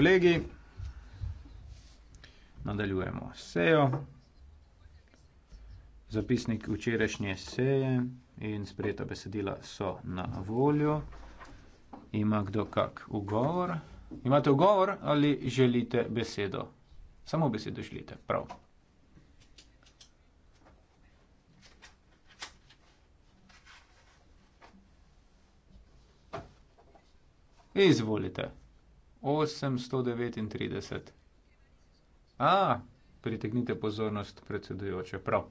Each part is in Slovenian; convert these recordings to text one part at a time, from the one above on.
kolegi. Nadaljujemo sejo. Zapisnik včerajšnje seje in sprejeta besedila so na voljo. Ima kdo kak ugovor? Imate ugovor ali želite besedo? Samo besedo želite, prav. Izvolite. 839. A, pritegnite pozornost predsedujoče, prav.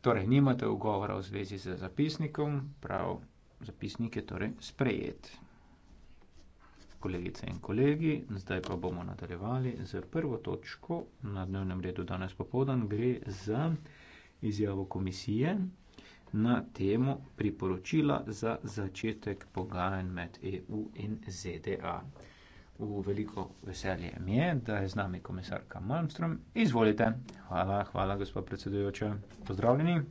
Torej, nimate ugovora v zvezi z zapisnikom, prav, zapisnik je torej sprejet. Kolegice in kolegi, zdaj pa bomo nadaljevali z prvo točko na dnevnem redu danes popovdan, gre za izjavo komisije na temo priporočila za začetek pogajanj med EU in ZDA v veliko veselje mi je, da je z nami komisarka Malmström. Izvolite. Hvala, hvala, gospod predsedujoča. Pozdravljeni.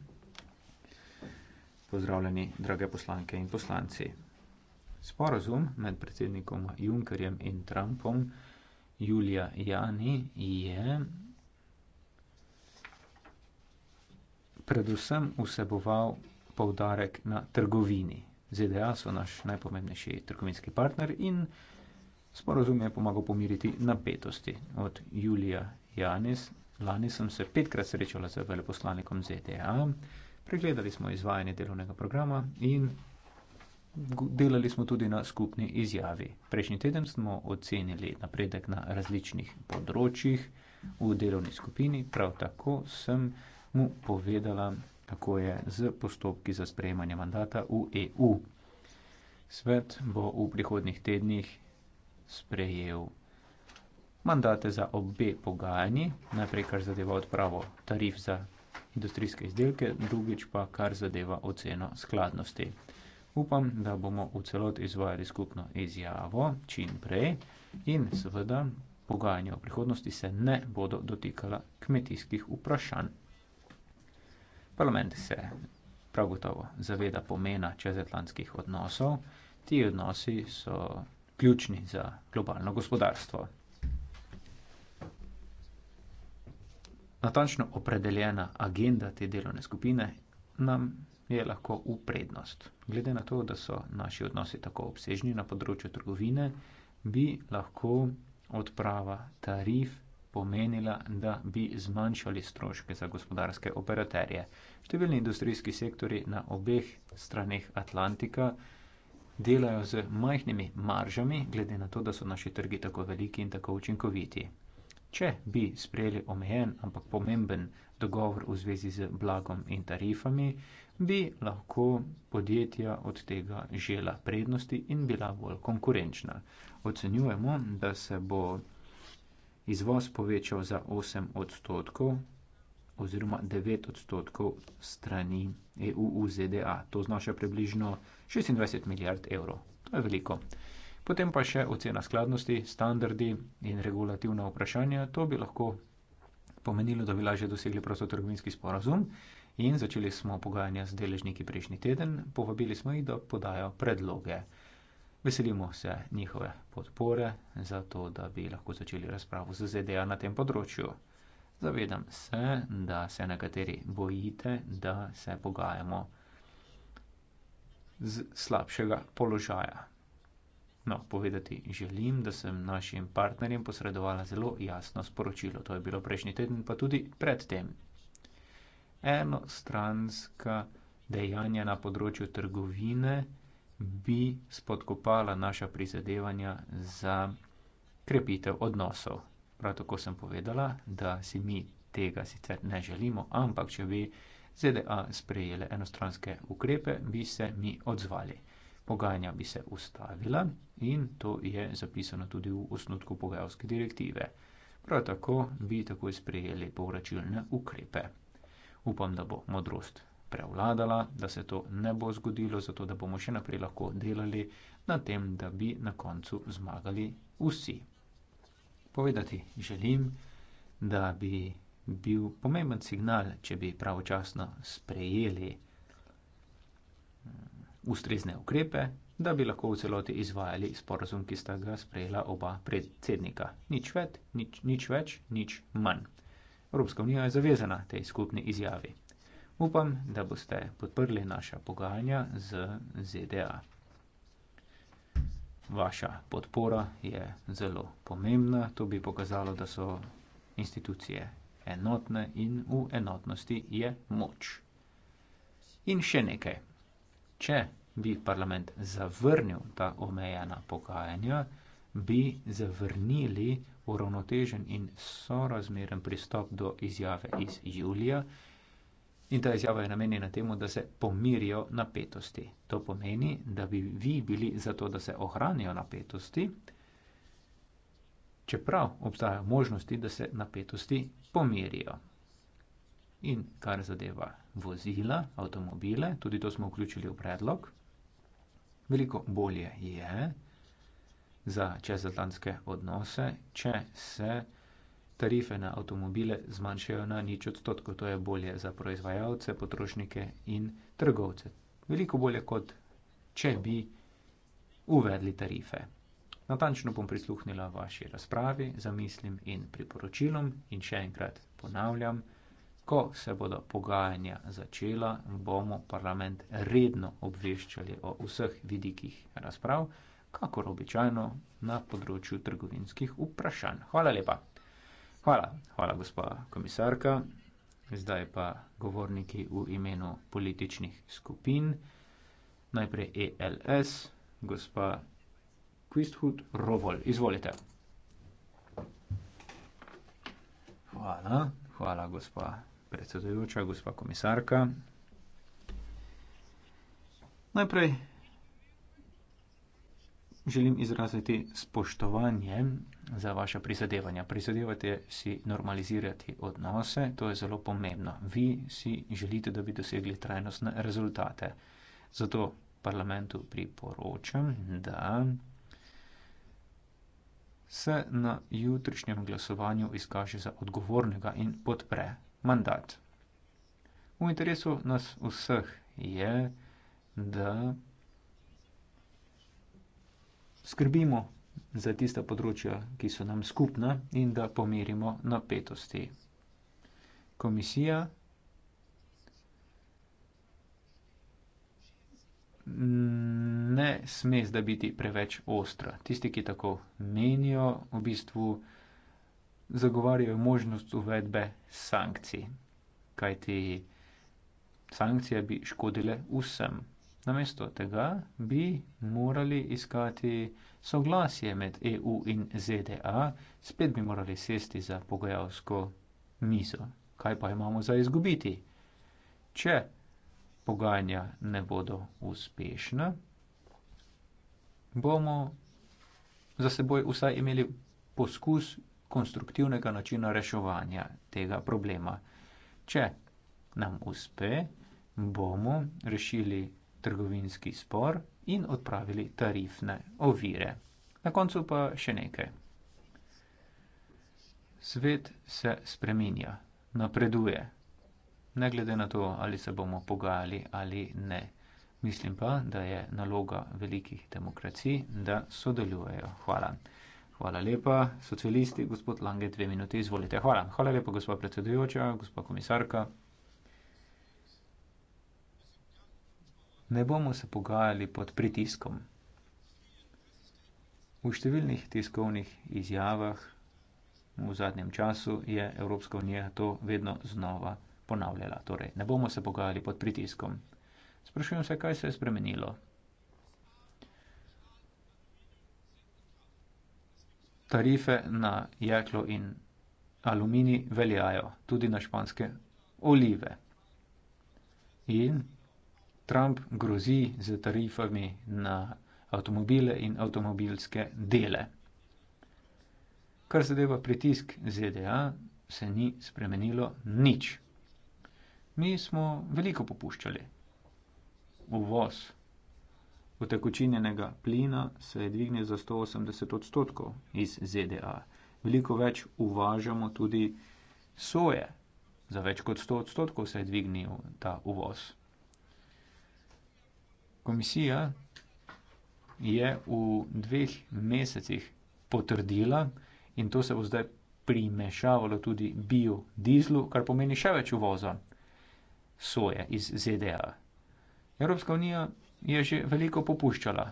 Pozdravljeni, drage poslanke in poslanci. Sporazum med predsednikom Junckerjem in Trumpom Julija Jani je predvsem vseboval poudarek na trgovini. ZDA e so naš najpomembnejši trgovinski partner in Sporozum je pomagal pomiriti napetosti. Od Julija Janis, lani sem se petkrat srečala z veleposlanikom ZDA, pregledali smo izvajanje delovnega programa in delali smo tudi na skupni izjavi. Prejšnji teden smo ocenili napredek na različnih področjih v delovni skupini, prav tako sem mu povedala, kako je z postopki za sprejemanje mandata v EU. Svet bo v prihodnih tednih sprejel mandate za obe pogajanji, najprej kar zadeva odpravo tarif za industrijske izdelke, drugič pa kar zadeva oceno skladnosti. Upam, da bomo v celoti izvajali skupno izjavo čim prej in seveda pogajanja o prihodnosti se ne bodo dotikala kmetijskih vprašanj. Parlament se prav gotovo zaveda pomena čezatlantskih odnosov. Ti odnosi so ključni za globalno gospodarstvo. Natančno opredeljena agenda te delovne skupine nam je lahko v prednost. Glede na to, da so naši odnosi tako obsežni na področju trgovine, bi lahko odprava tarif pomenila, da bi zmanjšali stroške za gospodarske operaterje. Številni industrijski sektori na obeh straneh Atlantika delajo z majhnimi maržami, glede na to, da so naši trgi tako veliki in tako učinkoviti. Če bi sprejeli omejen, ampak pomemben dogovor v zvezi z blagom in tarifami, bi lahko podjetja od tega žela prednosti in bila bolj konkurenčna. Ocenjujemo, da se bo izvoz povečal za 8 odstotkov, oziroma 9 odstotkov strani EU v ZDA. To znaša približno 26 milijard evrov. To je veliko. Potem pa še ocena skladnosti, standardi in regulativna vprašanja. To bi lahko pomenilo, da bi lažje dosegli prostotrgovinski sporazum in začeli smo pogajanja z deležniki prejšnji teden. Povabili smo jih, da podajo predloge. Veselimo se njihove podpore za to, da bi lahko začeli razpravo z ZDA na tem področju. Zavedam se, da se nekateri bojite, da se pogajamo z slabšega položaja. No, povedati želim, da sem našim partnerjem posredovala zelo jasno sporočilo. To je bilo prejšnji teden, pa tudi predtem. Eno stranska dejanja na področju trgovine bi spodkopala naša prizadevanja za krepitev odnosov. Prav tako sem povedala, da si mi tega sicer ne želimo, ampak če bi ZDA sprejele enostranske ukrepe, bi se mi odzvali. Pogajanja bi se ustavila in to je zapisano tudi v osnutku pogajalske direktive. Prav tako bi takoj sprejeli povračilne ukrepe. Upam, da bo modrost prevladala, da se to ne bo zgodilo, zato da bomo še naprej lahko delali na tem, da bi na koncu zmagali vsi povedati. Želim, da bi bil pomemben signal, če bi pravočasno sprejeli mm, ustrezne ukrepe, da bi lahko v celoti izvajali sporazum, ki sta ga sprejela oba predsednika. Nič več, nič, nič več, nič manj. Evropska unija je zavezana tej skupni izjavi. Upam, da boste podprli naša pogajanja z ZDA vaša podpora je zelo pomembna. To bi pokazalo, da so institucije enotne in v enotnosti je moč. In še nekaj. Če bi parlament zavrnil ta omejena pogajanja, bi zavrnili uravnotežen in sorazmeren pristop do izjave iz julija In ta izjava je namenjena temu, da se pomirijo napetosti. To pomeni, da bi vi bili za to, da se ohranijo napetosti, čeprav obstajajo možnosti, da se napetosti pomirijo. In kar zadeva vozila, avtomobile, tudi to smo vključili v predlog, veliko bolje je za čezatlantske odnose, če se tarife na avtomobile zmanjšajo na nič odstotkov. To je bolje za proizvajalce, potrošnike in trgovce. Veliko bolje, kot če bi uvedli tarife. Natančno bom prisluhnila vaši razpravi, zamislim in priporočilom in še enkrat ponavljam, ko se bodo pogajanja začela, bomo parlament redno obveščali o vseh vidikih razprav, kakor običajno na področju trgovinskih vprašanj. Hvala lepa. Hvala, hvala gospa komisarka. Zdaj pa govorniki v imenu političnih skupin. Najprej ELS, gospa Quisthood Rovol. Izvolite. Hvala, hvala gospa predsedujoča, gospa komisarka. Najprej želim izraziti spoštovanje za vaše prizadevanja. Prizadevate si normalizirati odnose, to je zelo pomembno. Vi si želite, da bi dosegli trajnostne rezultate. Zato parlamentu priporočam, da se na jutrišnjem glasovanju izkaže za odgovornega in podpre mandat. V interesu nas vseh je, da skrbimo za tista področja, ki so nam skupna in da pomerimo napetosti. Komisija ne sme zdaj biti preveč ostra. Tisti, ki tako menijo, v bistvu zagovarjajo možnost uvedbe sankcij, kajti sankcije bi škodile vsem. Namesto tega bi morali iskati soglasje med EU in ZDA, spet bi morali sesti za pogajalsko mizo. Kaj pa imamo za izgubiti? Če pogajanja ne bodo uspešna, bomo za seboj vsaj imeli poskus konstruktivnega načina reševanja tega problema. Če nam uspe, bomo rešili trgovinski spor in odpravili tarifne ovire. Na koncu pa še nekaj. Svet se spreminja, napreduje, ne glede na to, ali se bomo pogajali ali ne. Mislim pa, da je naloga velikih demokracij, da sodelujejo. Hvala. Hvala lepa, socialisti, gospod Lange, dve minute, izvolite. Hvala. Hvala lepa, gospod predsedujoča, gospod komisarka. ne bomo se pogajali pod pritiskom. V številnih tiskovnih izjavah v zadnjem času je Evropska unija to vedno znova ponavljala. Torej, ne bomo se pogajali pod pritiskom. Sprašujem se, kaj se je spremenilo. Tarife na jeklo in aluminij veljajo tudi na španske olive. In Trump grozi z tarifami na avtomobile in avtomobilske dele. Kar zadeva pritisk ZDA, se ni spremenilo nič. Mi smo veliko popuščali. Uvoz utekočinjenega plina se je dvignil za 180 odstotkov iz ZDA. Veliko več uvažamo tudi soje. Za več kot 100 odstotkov se je dvignil ta uvoz komisija je v dveh mesecih potrdila in to se bo zdaj primešavalo tudi biodizlu, kar pomeni še več uvoza soje iz ZDA. Evropska unija je že veliko popuščala.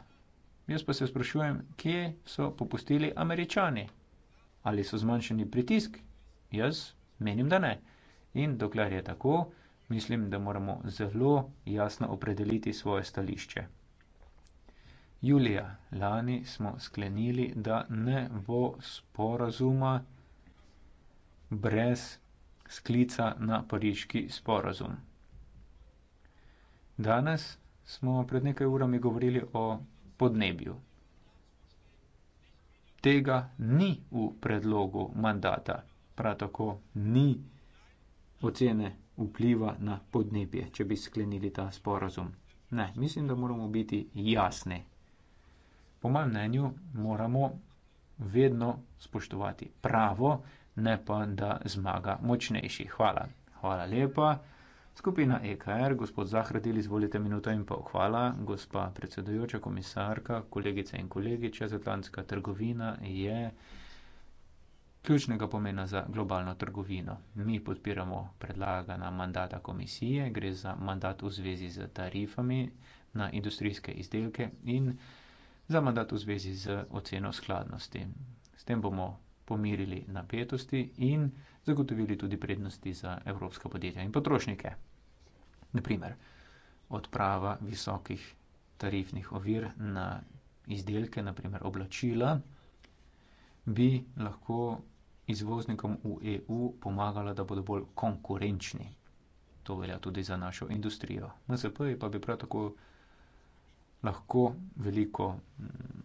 Jaz pa se sprašujem, kje so popustili američani. Ali so zmanjšani pritisk? Jaz menim, da ne. In dokler je tako, mislim, da moramo zelo jasno opredeliti svoje stališče. Julija lani smo sklenili, da ne bo sporazuma brez sklica na pariški sporazum. Danes smo pred nekaj urami govorili o podnebju. Tega ni v predlogu mandata, prav tako ni ocene vpliva na podnebje, če bi sklenili ta sporazum. Ne, mislim, da moramo biti jasni. Po mojem mnenju moramo vedno spoštovati pravo, ne pa da zmaga močnejši. Hvala. Hvala lepa. Skupina EKR, gospod Zahradil, izvolite minuto in pol. Hvala, gospa predsedujoča komisarka, kolegice in kolegi, čezatlantska trgovina je ključnega pomena za globalno trgovino. Mi podpiramo predlagana mandata komisije, gre za mandat v zvezi z tarifami na industrijske izdelke in za mandat v zvezi z oceno skladnosti. S tem bomo pomirili napetosti in zagotovili tudi prednosti za evropska podjetja in potrošnike. Naprimer, odprava visokih tarifnih ovir na izdelke, naprimer oblačila, bi lahko izvoznikom v EU pomagala, da bodo bolj konkurenčni. To velja tudi za našo industrijo. MSP pa bi prav tako lahko veliko mm,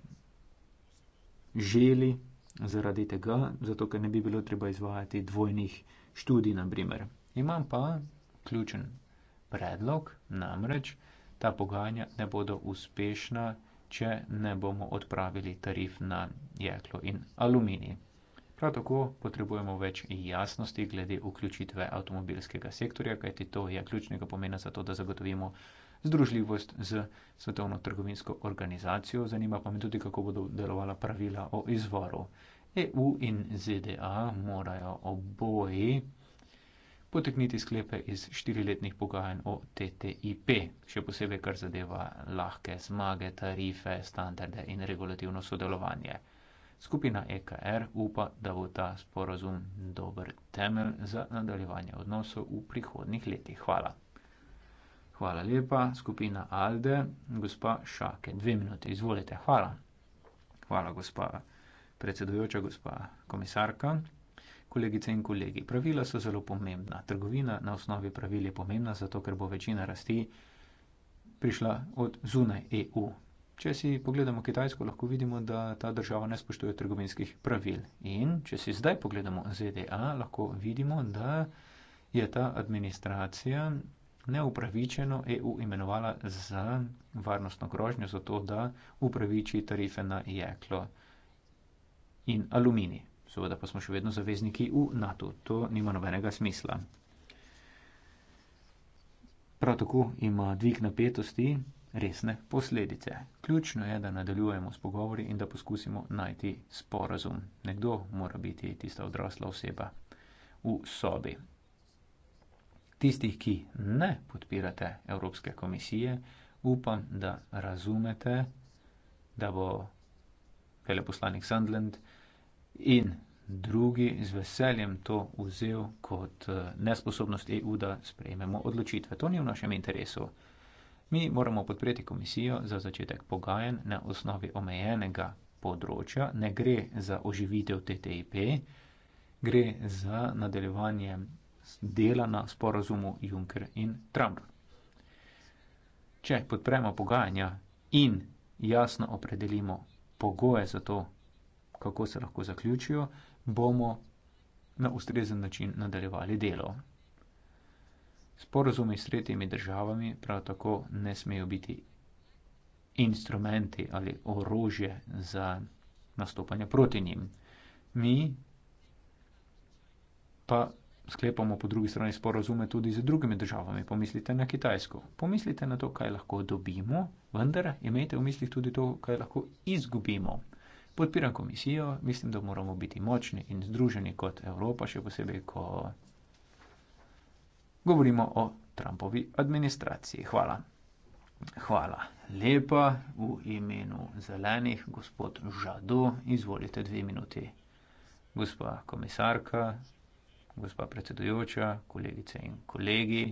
želi zaradi tega, zato ker ne bi bilo treba izvajati dvojnih študij, na primer. Imam pa ključen predlog, namreč ta pogajanja ne bodo uspešna, če ne bomo odpravili tarif na jeklo in aluminij. Prav tako potrebujemo več jasnosti glede vključitve avtomobilskega sektorja, kajti to je ključnega pomena za to, da zagotovimo združljivost z svetovno trgovinsko organizacijo. Zanima pa me tudi, kako bodo delovala pravila o izvoru. EU in ZDA morajo oboji potekniti sklepe iz štiriletnih pogajanj o TTIP, še posebej kar zadeva lahke zmage, tarife, standarde in regulativno sodelovanje. Skupina EKR upa, da bo ta sporozum dober temelj za nadaljevanje odnosov v prihodnih letih. Hvala. Hvala lepa, skupina Alde, gospa Šake. Dve minute, izvolite. Hvala. Hvala, gospa predsedujoča, gospa komisarka. Kolegice in kolegi, pravila so zelo pomembna. Trgovina na osnovi pravil je pomembna, zato ker bo večina rasti prišla od zunaj EU. Če si pogledamo Kitajsko, lahko vidimo, da ta država ne spoštuje trgovinskih pravil. In če si zdaj pogledamo ZDA, lahko vidimo, da je ta administracija neupravičeno EU imenovala za varnostno grožnjo, zato da upraviči tarife na jeklo in alumini. Seveda pa smo še vedno zavezniki v NATO. To nima nobenega smisla. Prav tako ima dvig napetosti resne posledice. Ključno je, da nadaljujemo s pogovori in da poskusimo najti sporazum. Nekdo mora biti tista odrasla oseba v sobi. Tistih, ki ne podpirate Evropske komisije, upam, da razumete, da bo veleposlanik Sandland in drugi z veseljem to vzel kot eh, nesposobnost EU, da sprejmemo odločitve. To ni v našem interesu. Mi moramo podpreti komisijo za začetek pogajen na osnovi omejenega področja, ne gre za oživitev TTIP, gre za nadaljevanje dela na sporozumu Juncker in Trump. Če podpremo pogajanja in jasno opredelimo pogoje za to, kako se lahko zaključijo, bomo na ustrezen način nadaljevali delo. Sporazumi s tretjimi državami prav tako ne smejo biti instrumenti ali orožje za nastopanje proti njim. Mi pa sklepamo po drugi strani sporazume tudi z drugimi državami. Pomislite na Kitajsko, pomislite na to, kaj lahko dobimo, vendar imejte v mislih tudi to, kaj lahko izgubimo. Podpiram komisijo, mislim, da moramo biti močni in združeni kot Evropa, še posebej, ko govorimo o Trumpovi administraciji. Hvala. Hvala lepa v imenu zelenih, gospod Žado, izvolite dve minuti. Gospa komisarka, gospa predsedujoča, kolegice in kolegi,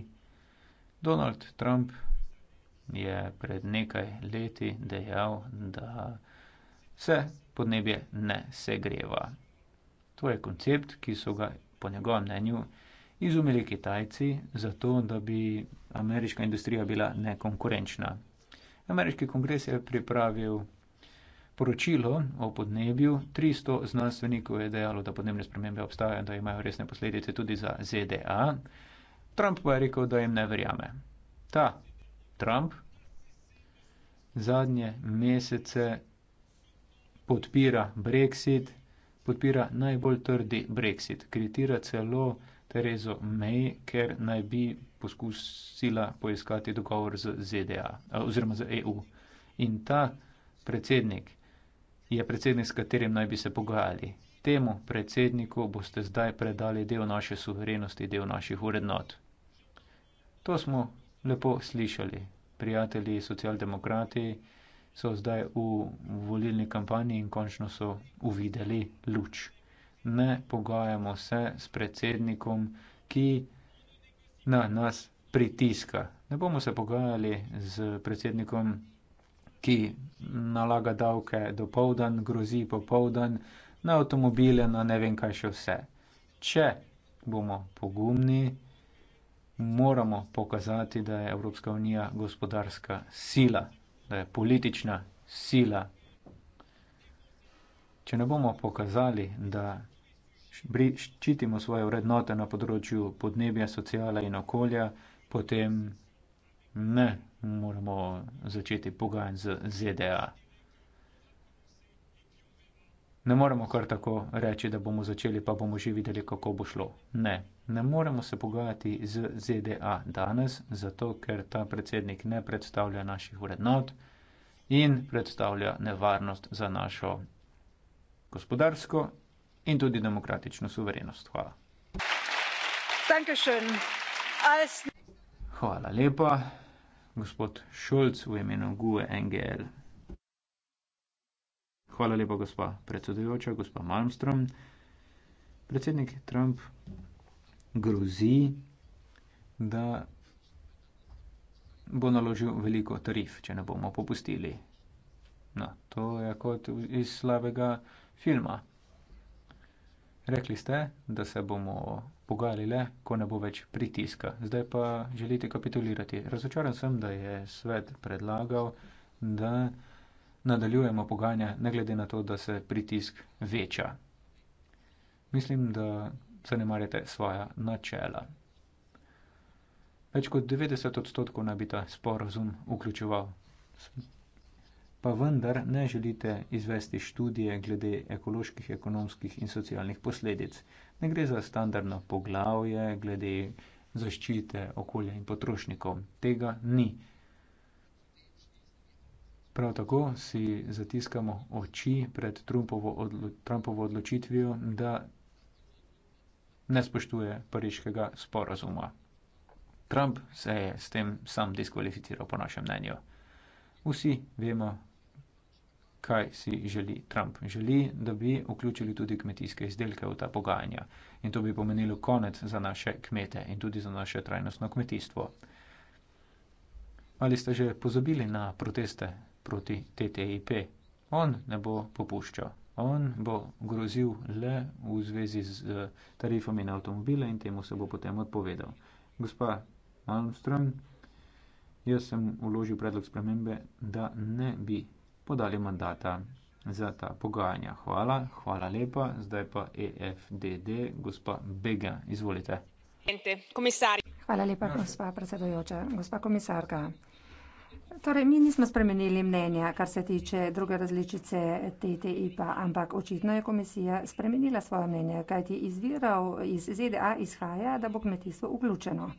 Donald Trump je pred nekaj leti dejal, da se podnebje ne segreva. To je koncept, ki so ga po njegovem mnenju izumili Kitajci, zato da bi ameriška industrija bila nekonkurenčna. Ameriški kongres je pripravil poročilo o podnebju, 300 znanstvenikov je dejalo, da podnebne spremembe obstajajo in da imajo resne posledice tudi za ZDA. Trump pa je rekel, da jim ne verjame. Ta Trump zadnje mesece podpira Brexit, podpira najbolj trdi Brexit, kritira celo Terezo May, ker naj bi poskusila poiskati dogovor z ZDA eh, oziroma z EU. In ta predsednik je predsednik, s katerim naj bi se pogajali. Temu predsedniku boste zdaj predali del naše suverenosti, del naših urednot. To smo lepo slišali. Prijatelji socialdemokrati so zdaj v volilni kampanji in končno so uvideli luč ne pogajamo se s predsednikom, ki na nas pritiska. Ne bomo se pogajali z predsednikom, ki nalaga davke do povdan, grozi popovdan, na avtomobile, na ne vem kaj še vse. Če bomo pogumni, moramo pokazati, da je Evropska unija gospodarska sila, da je politična sila. Če ne bomo pokazali, da ščitimo svoje vrednote na področju podnebja, sociala in okolja, potem ne moramo začeti pogajanj z ZDA. Ne moremo kar tako reči, da bomo začeli, pa bomo že videli, kako bo šlo. Ne, ne moremo se pogajati z ZDA danes, zato ker ta predsednik ne predstavlja naših vrednot in predstavlja nevarnost za našo gospodarsko in tudi demokratično suverenost. Hvala. Hvala lepa, gospod Šulc v imenu GUE NGL. Hvala lepa, gospa predsedujoča, gospa Malmström. Predsednik Trump grozi, da bo naložil veliko tarif, če ne bomo popustili. No, to je kot iz slabega filma. Rekli ste, da se bomo pogajali le, ko ne bo več pritiska. Zdaj pa želite kapitulirati. Razočaran sem, da je svet predlagal, da nadaljujemo pogajanja, ne glede na to, da se pritisk veča. Mislim, da zanemarjate svoja načela. Več kot 90 odstotkov naj bi ta sporozum vključeval pa vendar ne želite izvesti študije glede ekoloških, ekonomskih in socialnih posledic. Ne gre za standardno poglavje glede zaščite okolja in potrošnikov. Tega ni. Prav tako si zatiskamo oči pred Trumpovo, odlo Trumpovo odločitvijo, da ne spoštuje pariškega sporazuma. Trump se je s tem sam diskvalificiral, po našem mnenju. Vsi vemo, kaj si želi Trump. Želi, da bi vključili tudi kmetijske izdelke v ta pogajanja. In to bi pomenilo konec za naše kmete in tudi za naše trajnostno kmetijstvo. Ali ste že pozabili na proteste proti TTIP? On ne bo popuščal. On bo grozil le v zvezi z eh, tarifami na avtomobile in temu se bo potem odpovedal. Gospa Malmström, jaz sem uložil predlog spremembe, da ne bi podali mandata za ta pogajanja. Hvala, hvala lepa. Zdaj pa EFDD, gospa Bega, izvolite. Hvala lepa, gospa predsedojoča. Gospa komisarka. Torej, mi nismo spremenili mnenja, kar se tiče druge različice TTIP-a, ampak očitno je komisija spremenila svoje mnenje, kajti izvirov iz ZDA izhaja, da bo kmetijstvo vključeno.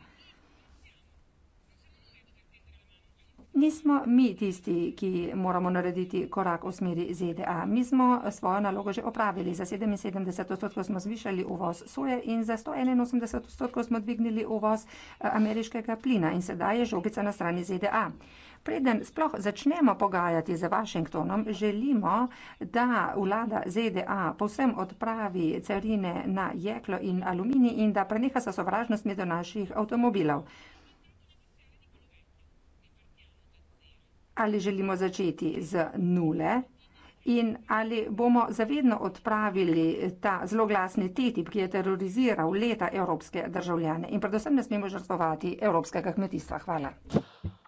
Nismo mi tisti, ki moramo narediti korak v smeri ZDA. Mi smo svojo nalogo že opravili. Za 77 odstotkov smo zvišali uvoz soje in za 181 odstotkov smo dvignili uvoz eh, ameriškega plina in sedaj je žogica na strani ZDA. Preden sploh začnemo pogajati z Washingtonom, želimo, da vlada ZDA povsem odpravi carine na jeklo in aluminij in da preneha sa sovražnost med naših avtomobilov. ali želimo začeti z nule in ali bomo zavedno odpravili ta zloglasni TTIP, ki je teroriziral leta evropske državljane in predvsem ne smemo žrtvovati evropskega kmetijstva. Hvala.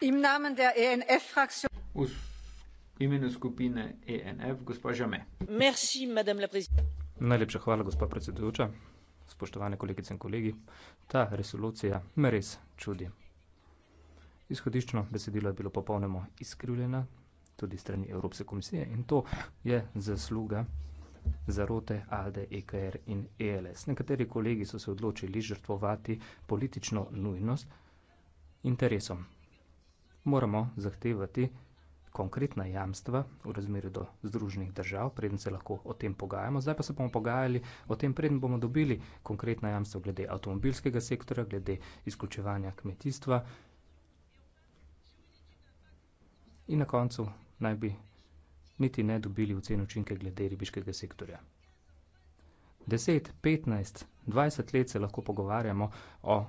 E v imenu skupine ENF, gospod Žame. Najlepša hvala, gospod predsedujoča. Spoštovane kolegice in kolegi, ta resolucija me res čudi. Izhodiščno besedilo je bilo popolnoma izkrivljeno, tudi strani Evropske komisije, in to je zasluga zarote ALDE, EKR in ELS. Nekateri kolegi so se odločili žrtvovati politično nujnost interesom. Moramo zahtevati konkretna jamstva v razmerju do združenih držav, preden se lahko o tem pogajamo. Zdaj pa se bomo pogajali o tem, preden bomo dobili konkretna jamstva glede avtomobilskega sektora, glede izključevanja kmetijstva, in na koncu naj bi niti ne dobili ocen učinke glede ribiškega sektorja. 10, 15, 20 let se lahko pogovarjamo o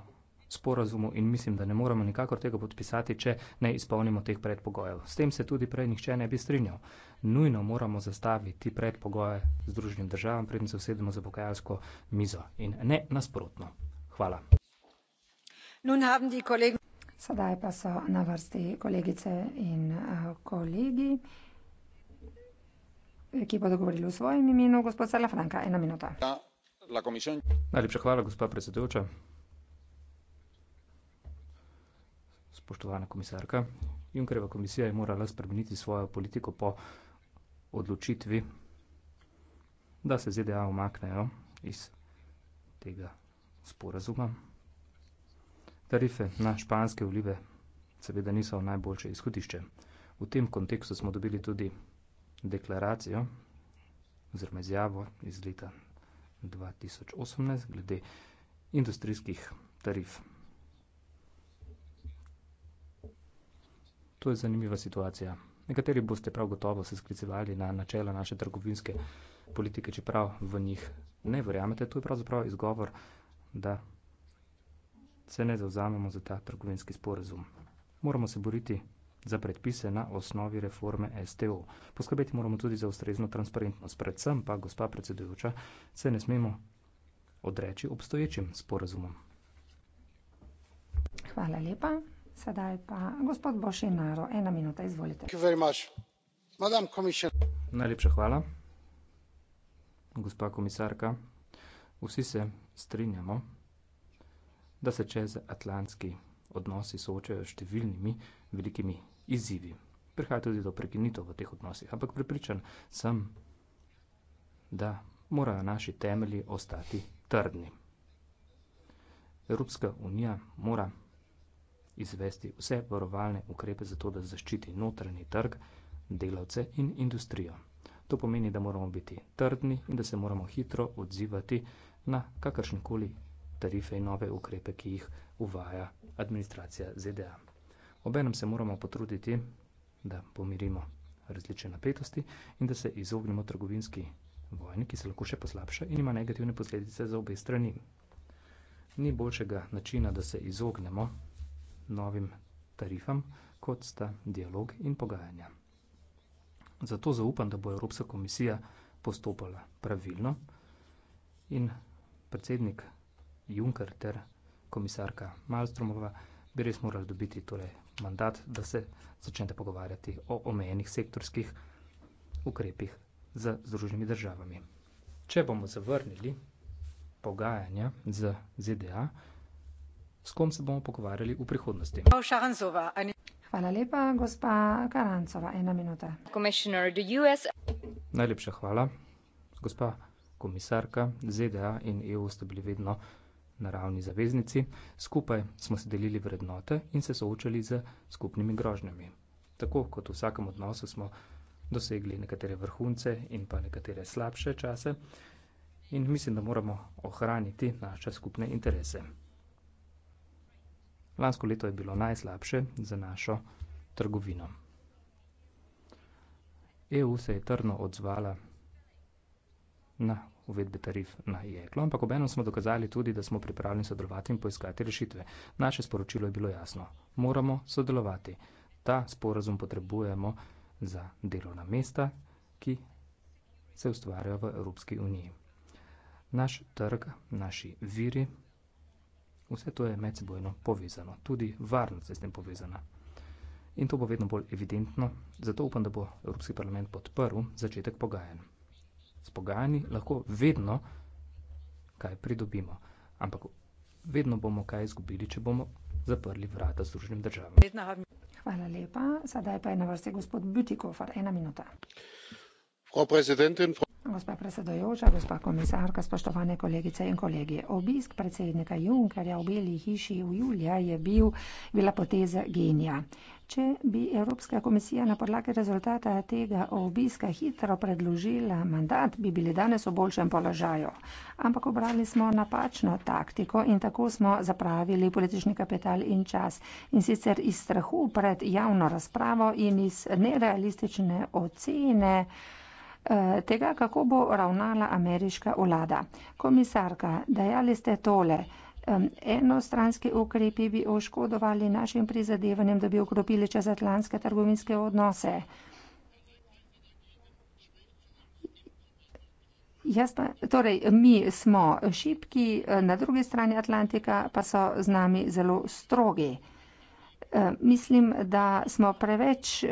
sporazumu in mislim, da ne moramo nikakor tega podpisati, če ne izpolnimo teh predpogojev. S tem se tudi prej nihče ne bi strinjal. Nujno moramo zastaviti predpogoje z družnim državam, predtem se usedemo za pokajalsko mizo in ne nasprotno. Hvala. Nun haben die Kollegen Sedaj pa so na vrsti kolegice in eh, kolegi, ki bodo govorili v svojem imenu. Gospod Salafranka, ena minuta. Najlepša hvala, gospa predsedujoča. Spoštovana komisarka, Junkereva komisija je morala spremeniti svojo politiko po odločitvi, da se ZDA umaknejo iz tega sporazuma. Tarife na španske vlive seveda niso najboljše izhodišče. V tem kontekstu smo dobili tudi deklaracijo oziroma izjavo iz leta 2018 glede industrijskih tarif. To je zanimiva situacija. Nekateri boste prav gotovo se sklicevali na načela naše trgovinske politike, čeprav v njih ne verjamete. To je pravzaprav izgovor, da se ne zauzamemo za ta trgovinski sporazum. Moramo se boriti za predpise na osnovi reforme STO. Poskrbeti moramo tudi za ustrezno transparentnost. Predvsem pa, gospa predsedujoča, se ne smemo odreči obstoječim sporazumom. Hvala lepa. Sedaj pa gospod Bošinaro, ena minuta, izvolite. Najlepša hvala, gospa komisarka. Vsi se strinjamo, da se čezatlantski odnosi soočajo s številnimi velikimi izzivi. Prihaja tudi do prekinitev v teh odnosih, ampak pripričan sem, da morajo naši temelji ostati trdni. Evropska unija mora izvesti vse varovalne ukrepe za to, da zaščiti notranji trg, delavce in industrijo. To pomeni, da moramo biti trdni in da se moramo hitro odzivati na kakršenkoli tarife in nove ukrepe, ki jih uvaja administracija ZDA. Obenem se moramo potruditi, da pomirimo različne napetosti in da se izognemo trgovinski vojni, ki se lahko še poslabša in ima negativne posledice za obe strani. Ni boljšega načina, da se izognemo novim tarifam, kot sta dialog in pogajanja. Zato zaupam, da bo Evropska komisija postopala pravilno in predsednik Juncker ter komisarka Malstromova, bi res morali dobiti torej mandat, da se začnete pogovarjati o omejenih sektorskih ukrepih z Združenimi državami. Če bomo zavrnili pogajanja z ZDA, s kom se bomo pogovarjali v prihodnosti? Hvala lepa, gospa Karancova. Ena minuta. US... Najlepša hvala. Gospa komisarka ZDA in EU ste bili vedno naravni zaveznici, skupaj smo se delili vrednote in se soočali z skupnimi grožnjami. Tako kot v vsakem odnosu smo dosegli nekatere vrhunce in pa nekatere slabše čase in mislim, da moramo ohraniti naše skupne interese. Lansko leto je bilo najslabše za našo trgovino. EU se je trdno odzvala na uvedbe tarif na jeklo, ampak obenem smo dokazali tudi, da smo pripravljeni sodelovati in poiskati rešitve. Naše sporočilo je bilo jasno. Moramo sodelovati. Ta sporazum potrebujemo za delovna mesta, ki se ustvarjajo v Evropski uniji. Naš trg, naši viri, vse to je medsebojno povezano. Tudi varnost je s tem povezana. In to bo vedno bolj evidentno, zato upam, da bo Evropski parlament podprl začetek pogajanj s pogajanji, lahko vedno kaj pridobimo. Ampak vedno bomo kaj izgubili, če bomo zaprli vrata Združenim državam. Hvala lepa. Sedaj pa je na vrsti gospod Butikov, ena minuta. Frau Präsidentin, Frau Gospa predsedojoča, gospa komisarka, spoštovane kolegice in kolegi. Obisk predsednika Junkerja v Beli hiši v julija je bil, bila poteza genija. Če bi Evropska komisija na podlagi rezultata tega obiska hitro predložila mandat, bi bili danes v boljšem položaju. Ampak obrali smo napačno taktiko in tako smo zapravili politični kapital in čas. In sicer iz strahu pred javno razpravo in iz nerealistične ocene, Eh, tega, kako bo ravnala ameriška vlada. Komisarka, dajali ste tole. Enostranski ukrepi bi oškodovali našim prizadevanjem, da bi okropili čezatlantske trgovinske odnose. Jasna, torej, mi smo šipki, eh, na drugi strani Atlantika pa so z nami zelo strogi. Eh, mislim, da smo preveč eh,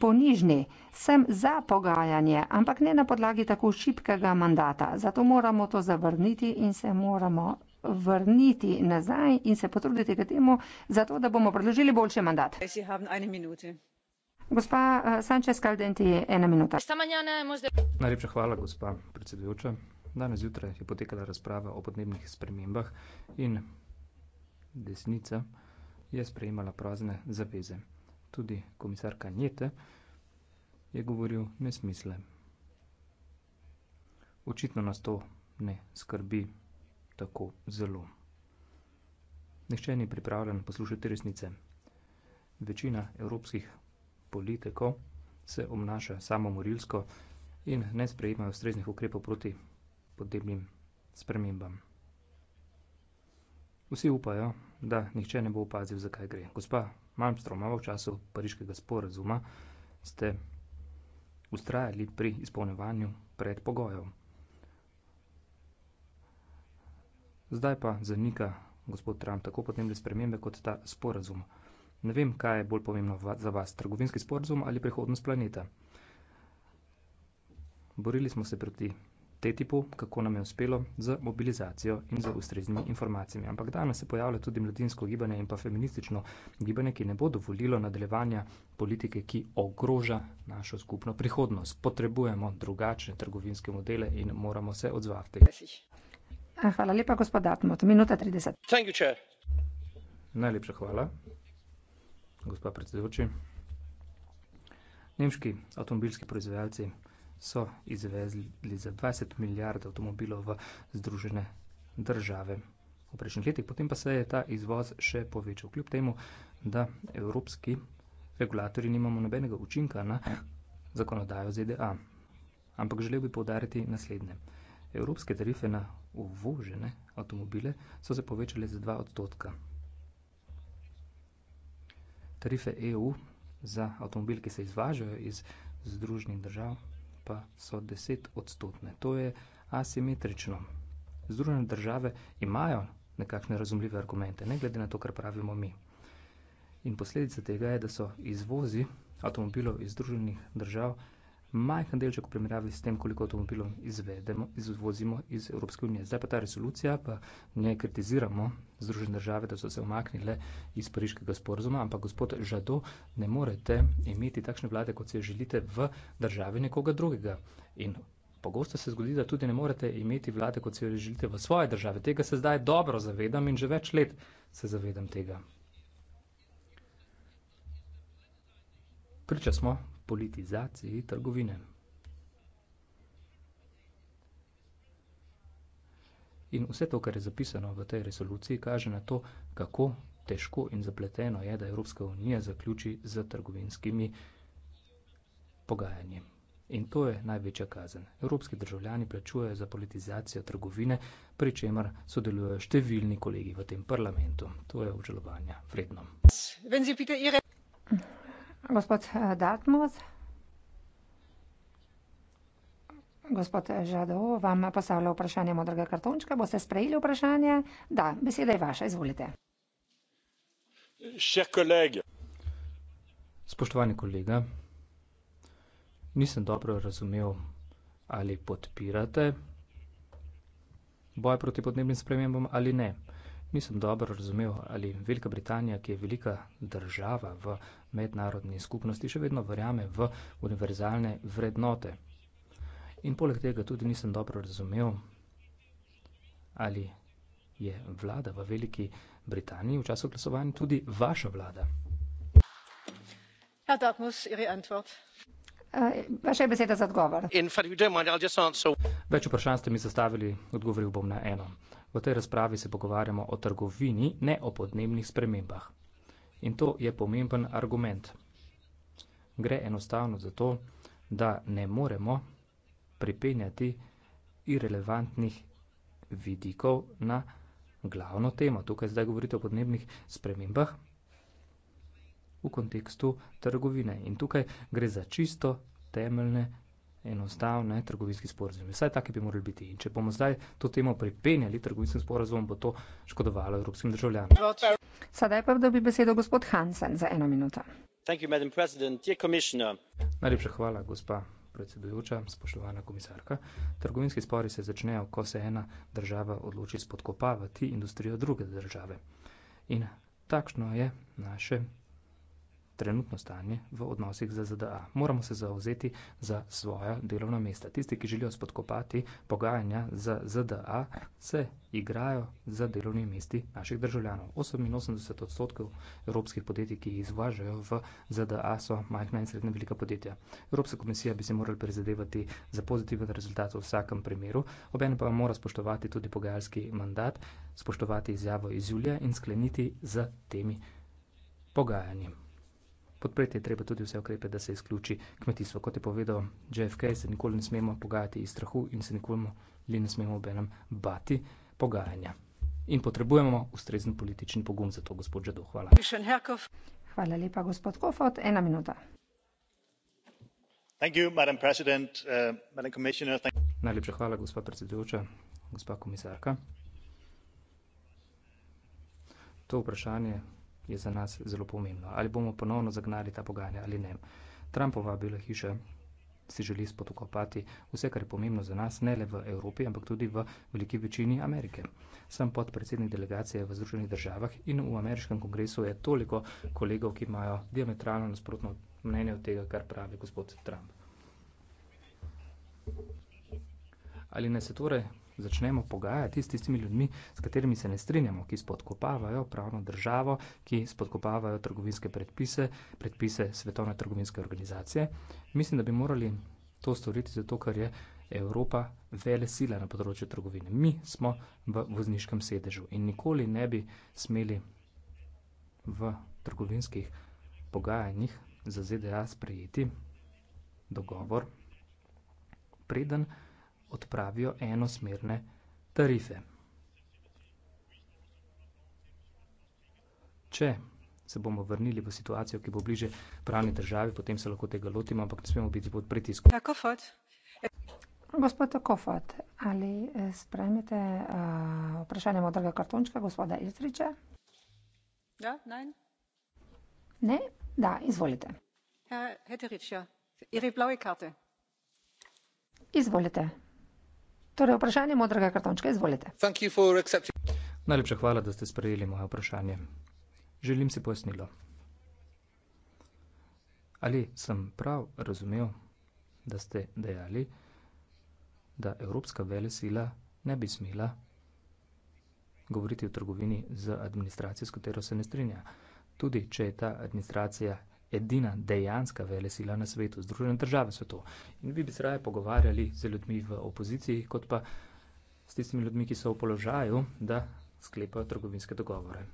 ponižni. Sem za pogajanje, ampak ne na podlagi tako šipkega mandata. Zato moramo to zavrniti in se moramo vrniti nazaj in se potruditi k temu, zato da bomo predložili boljši mandat. Gospa eh, Sančes Kaldenti, ena minuta. Najlepša hvala, gospa predsedujoča. Danes zjutraj je potekala razprava o podnebnih spremembah in desnica je sprejemala prazne zaveze. Tudi komisarka Njete je govoril nesmisle. Očitno nas to ne skrbi tako zelo. Nihče ni pripravljen poslušati resnice. Večina evropskih politikov se obnaša samomorilsko in ne sprejemajo ustreznih ukrepov proti podnebnim spremembam. Vsi upajo, da nihče ne bo opazil, zakaj gre. Gospa Malmstromova, v času pariškega sporazuma ste ustrajali pri izpolnevanju predpogojev. Zdaj pa zanika gospod Trump tako podnebne spremembe kot ta sporazum. Ne vem, kaj je bolj pomembno za vas, trgovinski sporazum ali prihodnost planeta. Borili smo se proti TTIP-u, kako nam je uspelo z mobilizacijo in z ustreznimi informacijami. Ampak danes se pojavlja tudi mladinsko gibanje in pa feministično gibanje, ki ne bo dovolilo nadaljevanja politike, ki ogroža našo skupno prihodnost. Potrebujemo drugačne trgovinske modele in moramo se odzvati. Hvala lepa, gospod Datmot. Minuta 30. Thank you, Najlepša hvala, gospod predsedujoči. Nemški avtomobilski proizvajalci so izvezli za 20 milijard avtomobilov v Združene države v prejšnjih letih, potem pa se je ta izvoz še povečal. Kljub temu, da evropski regulatori nimamo nobenega učinka na zakonodajo ZDA. Ampak želel bi povdariti naslednje. Evropske tarife na uvožene avtomobile so se povečale za 2 odstotka. Tarife EU za avtomobile, ki se izvažajo iz Združenih držav, pa so desetodstotne. To je asimetrično. Združene države imajo nekakšne razumljive argumente, ne glede na to, kar pravimo mi. In posledica tega je, da so izvozi avtomobilov iz združenih držav majhen delček v primerjavi s tem, koliko avtomobilov izvedemo, izvozimo iz Evropske unije. Zdaj pa ta resolucija, pa ne kritiziramo Združene države, da so se omaknile iz pariškega sporozuma, ampak gospod Žado, ne morete imeti takšne vlade, kot se želite v državi nekoga drugega. In Pogosto se zgodi, da tudi ne morete imeti vlade, kot si jo želite, v svoje države. Tega se zdaj dobro zavedam in že več let se zavedam tega. Priča smo politizaciji trgovine. In vse to, kar je zapisano v tej resoluciji, kaže na to, kako težko in zapleteno je, da Evropska unija zaključi z trgovinskimi pogajanji. In to je največja kazen. Evropski državljani plačujejo za politizacijo trgovine, pri čemer sodelujejo številni kolegi v tem parlamentu. To je obžalovanje vredno. Gospod eh, Dartmouth. Gospod Žado, eh, vam postavlja vprašanje modrega kartončka. Boste sprejeli vprašanje? Da, beseda je vaša, izvolite. Spoštovani kolega, nisem dobro razumel, ali podpirate boj proti podnebnim spremembam ali ne. Nisem dobro razumel, ali Velika Britanija, ki je velika država v mednarodni skupnosti še vedno verjame v univerzalne vrednote. In poleg tega tudi nisem dobro razumel, ali je vlada v Veliki Britaniji v času glasovanja tudi vaša vlada. Herr Dartmus, Ihre Antwort. Eh, vaša je beseda za odgovor. Več vprašanj ste mi zastavili, odgovoril bom na eno. V tej razpravi se pogovarjamo o trgovini, ne o podnebnih spremembah. In to je pomemben argument. Gre enostavno za to, da ne moremo pripenjati irrelevantnih vidikov na glavno temo. Tukaj zdaj govorite o podnebnih spremembah v kontekstu trgovine. In tukaj gre za čisto temeljne enostaven trgovinski sporazum. Vsaj taki bi morali biti. In če bomo zdaj to temo pripenjali trgovinskim sporazumom, bo to škodovalo evropskim državljanom. Sedaj pa dobi besedo gospod Hansen za eno minuto. Najlepša hvala, gospa predsedujoča, spoštovana komisarka. Trgovinski spori se začnejo, ko se ena država odloči spodkopavati industrijo druge države. In takšno je naše trenutno stanje v odnosih z ZDA. Moramo se zauzeti za svoja delovna mesta. Tisti, ki želijo spodkopati pogajanja z ZDA, se igrajo z delovnimi mesti naših državljanov. 88 odstotkov evropskih podjetij, ki jih izvažajo v ZDA, so majhna in srednja velika podjetja. Evropska komisija bi se morala prizadevati za pozitiven rezultat v vsakem primeru, obenem pa mora spoštovati tudi pogajalski mandat, spoštovati izjavo iz julija in skleniti z temi pogajanji. Podpreti je treba tudi vse ukrepe, da se izključi kmetijstvo. Kot je povedal JFK, se nikoli ne smemo pogajati iz strahu in se nikoli ne smemo obenem bati pogajanja. In potrebujemo ustrezen politični pogum za to, gospod Žado. Hvala. Hvala lepa, gospod Kofot. Ena minuta. You, uh, Najlepša hvala, gospa predsedujoča, gospa komisarka. To vprašanje je za nas zelo pomembno. Ali bomo ponovno zagnali ta pogajanja ali ne. Trumpova bela hiša si želi spotokopati vse, kar je pomembno za nas, ne le v Evropi, ampak tudi v veliki večini Amerike. Sem podpredsednik delegacije v Združenih državah in v ameriškem kongresu je toliko kolegov, ki imajo diametralno nasprotno mnenje od tega, kar pravi gospod Trump. Ali ne se torej začnemo pogajati s tistimi ljudmi, s katerimi se ne strinjamo, ki spodkopavajo pravno državo, ki spodkopavajo trgovinske predpise, predpise Svetovne trgovinske organizacije. Mislim, da bi morali to storiti zato, ker je Evropa vele sila na področju trgovine. Mi smo v vozniškem sedežu in nikoli ne bi smeli v trgovinskih pogajanjih za ZDA sprejeti dogovor, preden odpravijo enosmerne tarife. Če se bomo vrnili v situacijo, ki bo bliže pravni državi, potem se lahko tega lotimo, ampak ne smemo biti pod pritiskom. Gospod Kofot, ali eh, sprejmete uh, vprašanje modrega kartončka gospoda Iltriča? Ja, nein. Ne? Da, izvolite. Herr Heterič, ja. Ihre blaue Karte. Izvolite. Torej, vprašanje modrega kartončka, izvolite. Najlepša hvala, da ste sprejeli moje vprašanje. Želim si pojasnilo. Ali sem prav razumel, da ste dejali, da Evropska velesila ne bi smela govoriti o trgovini z administracijo, s katero se ne strinja, tudi če je ta administracija edina dejanska velesila na svetu, Združene države so to. In vi bi se raje pogovarjali z ljudmi v opoziciji, kot pa s tistimi ljudmi, ki so v položaju, da sklepajo trgovinske dogovore.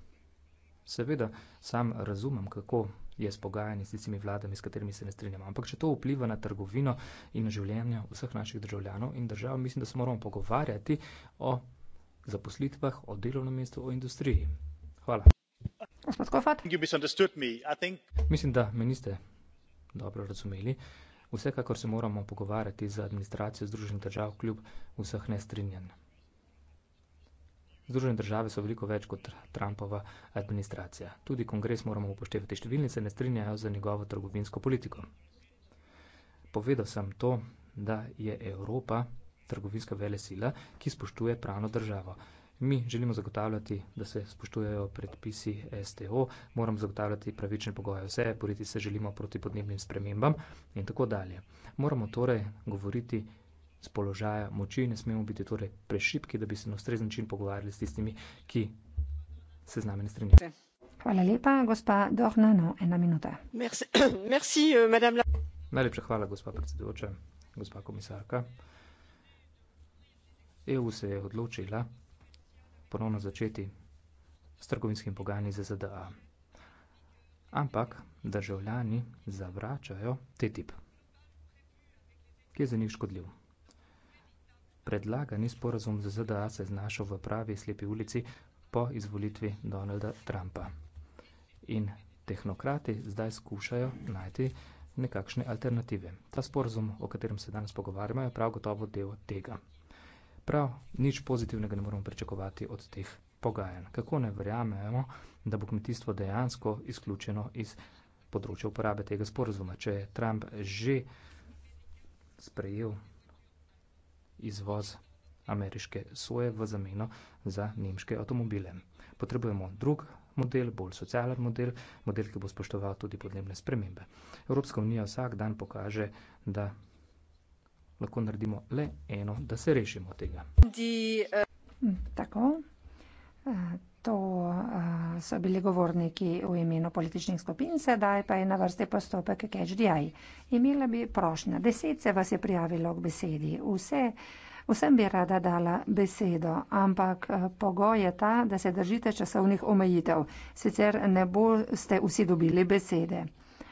Seveda, sam razumem, kako je s pogajanji s tistimi vladami, s katerimi se ne strinjamo. Ampak, če to vpliva na trgovino in na življenje vseh naših državljanov in držav, mislim, da se moramo pogovarjati o zaposlitvah, o delovnem mestu, o industriji. Hvala. Gospod Kofat? Mislim, da me niste dobro razumeli. Vsekakor se moramo pogovarjati z administracijo Združenih držav, kljub vseh nestrinjen. Združene države so veliko več kot Trumpova administracija. Tudi kongres moramo upoštevati. Številni se ne strinjajo za njegovo trgovinsko politiko. Povedal sem to, da je Evropa trgovinska vele sila, ki spoštuje pravno državo. Mi želimo zagotavljati, da se spoštujejo predpisi STO, moramo zagotavljati pravične pogoje, vse, boriti se želimo proti podnebnim spremembam in tako dalje. Moramo torej govoriti z položaja moči, ne smemo biti torej prešipki, da bi se na ustrezen način pogovarjali s tistimi, ki se z nami ne strinjajo. Hvala lepa, gospa Dohnano, ena minuta. Merci, euh, madame. Najlepša hvala, gospa predsedujoča, gospa komisarka. EU se je odločila, ponovno začeti s trgovinskim pogajanjem za ZDA. Ampak državljani zavračajo te tip, ki je za njih škodljiv. Predlagani sporazum za ZDA se je znašel v pravi slepi ulici po izvolitvi Donalda Trumpa. In tehnokrati zdaj skušajo najti nekakšne alternative. Ta sporazum, o katerem se danes pogovarjamo, je prav gotovo del tega prav, nič pozitivnega ne moremo pričakovati od teh pogajanj. Kako ne verjamemo, da bo kmetijstvo dejansko izključeno iz področja uporabe tega sporozuma, če je Trump že sprejel izvoz ameriške soje v zameno za nemške avtomobile. Potrebujemo drug model, bolj socialen model, model, ki bo spoštoval tudi podnebne spremembe. Evropska unija vsak dan pokaže, da lahko naredimo le eno, da se rešimo tega. Di, uh... Tako. Eh, to eh, so bili govorniki v imenu političnih skupin, sedaj pa je na vrsti postopek KHDI. Imela bi prošnja. Deset se vas je prijavilo k besedi. Vse, vsem bi rada dala besedo, ampak pogoj je ta, da se držite časovnih omejitev. Sicer ne boste vsi dobili besede.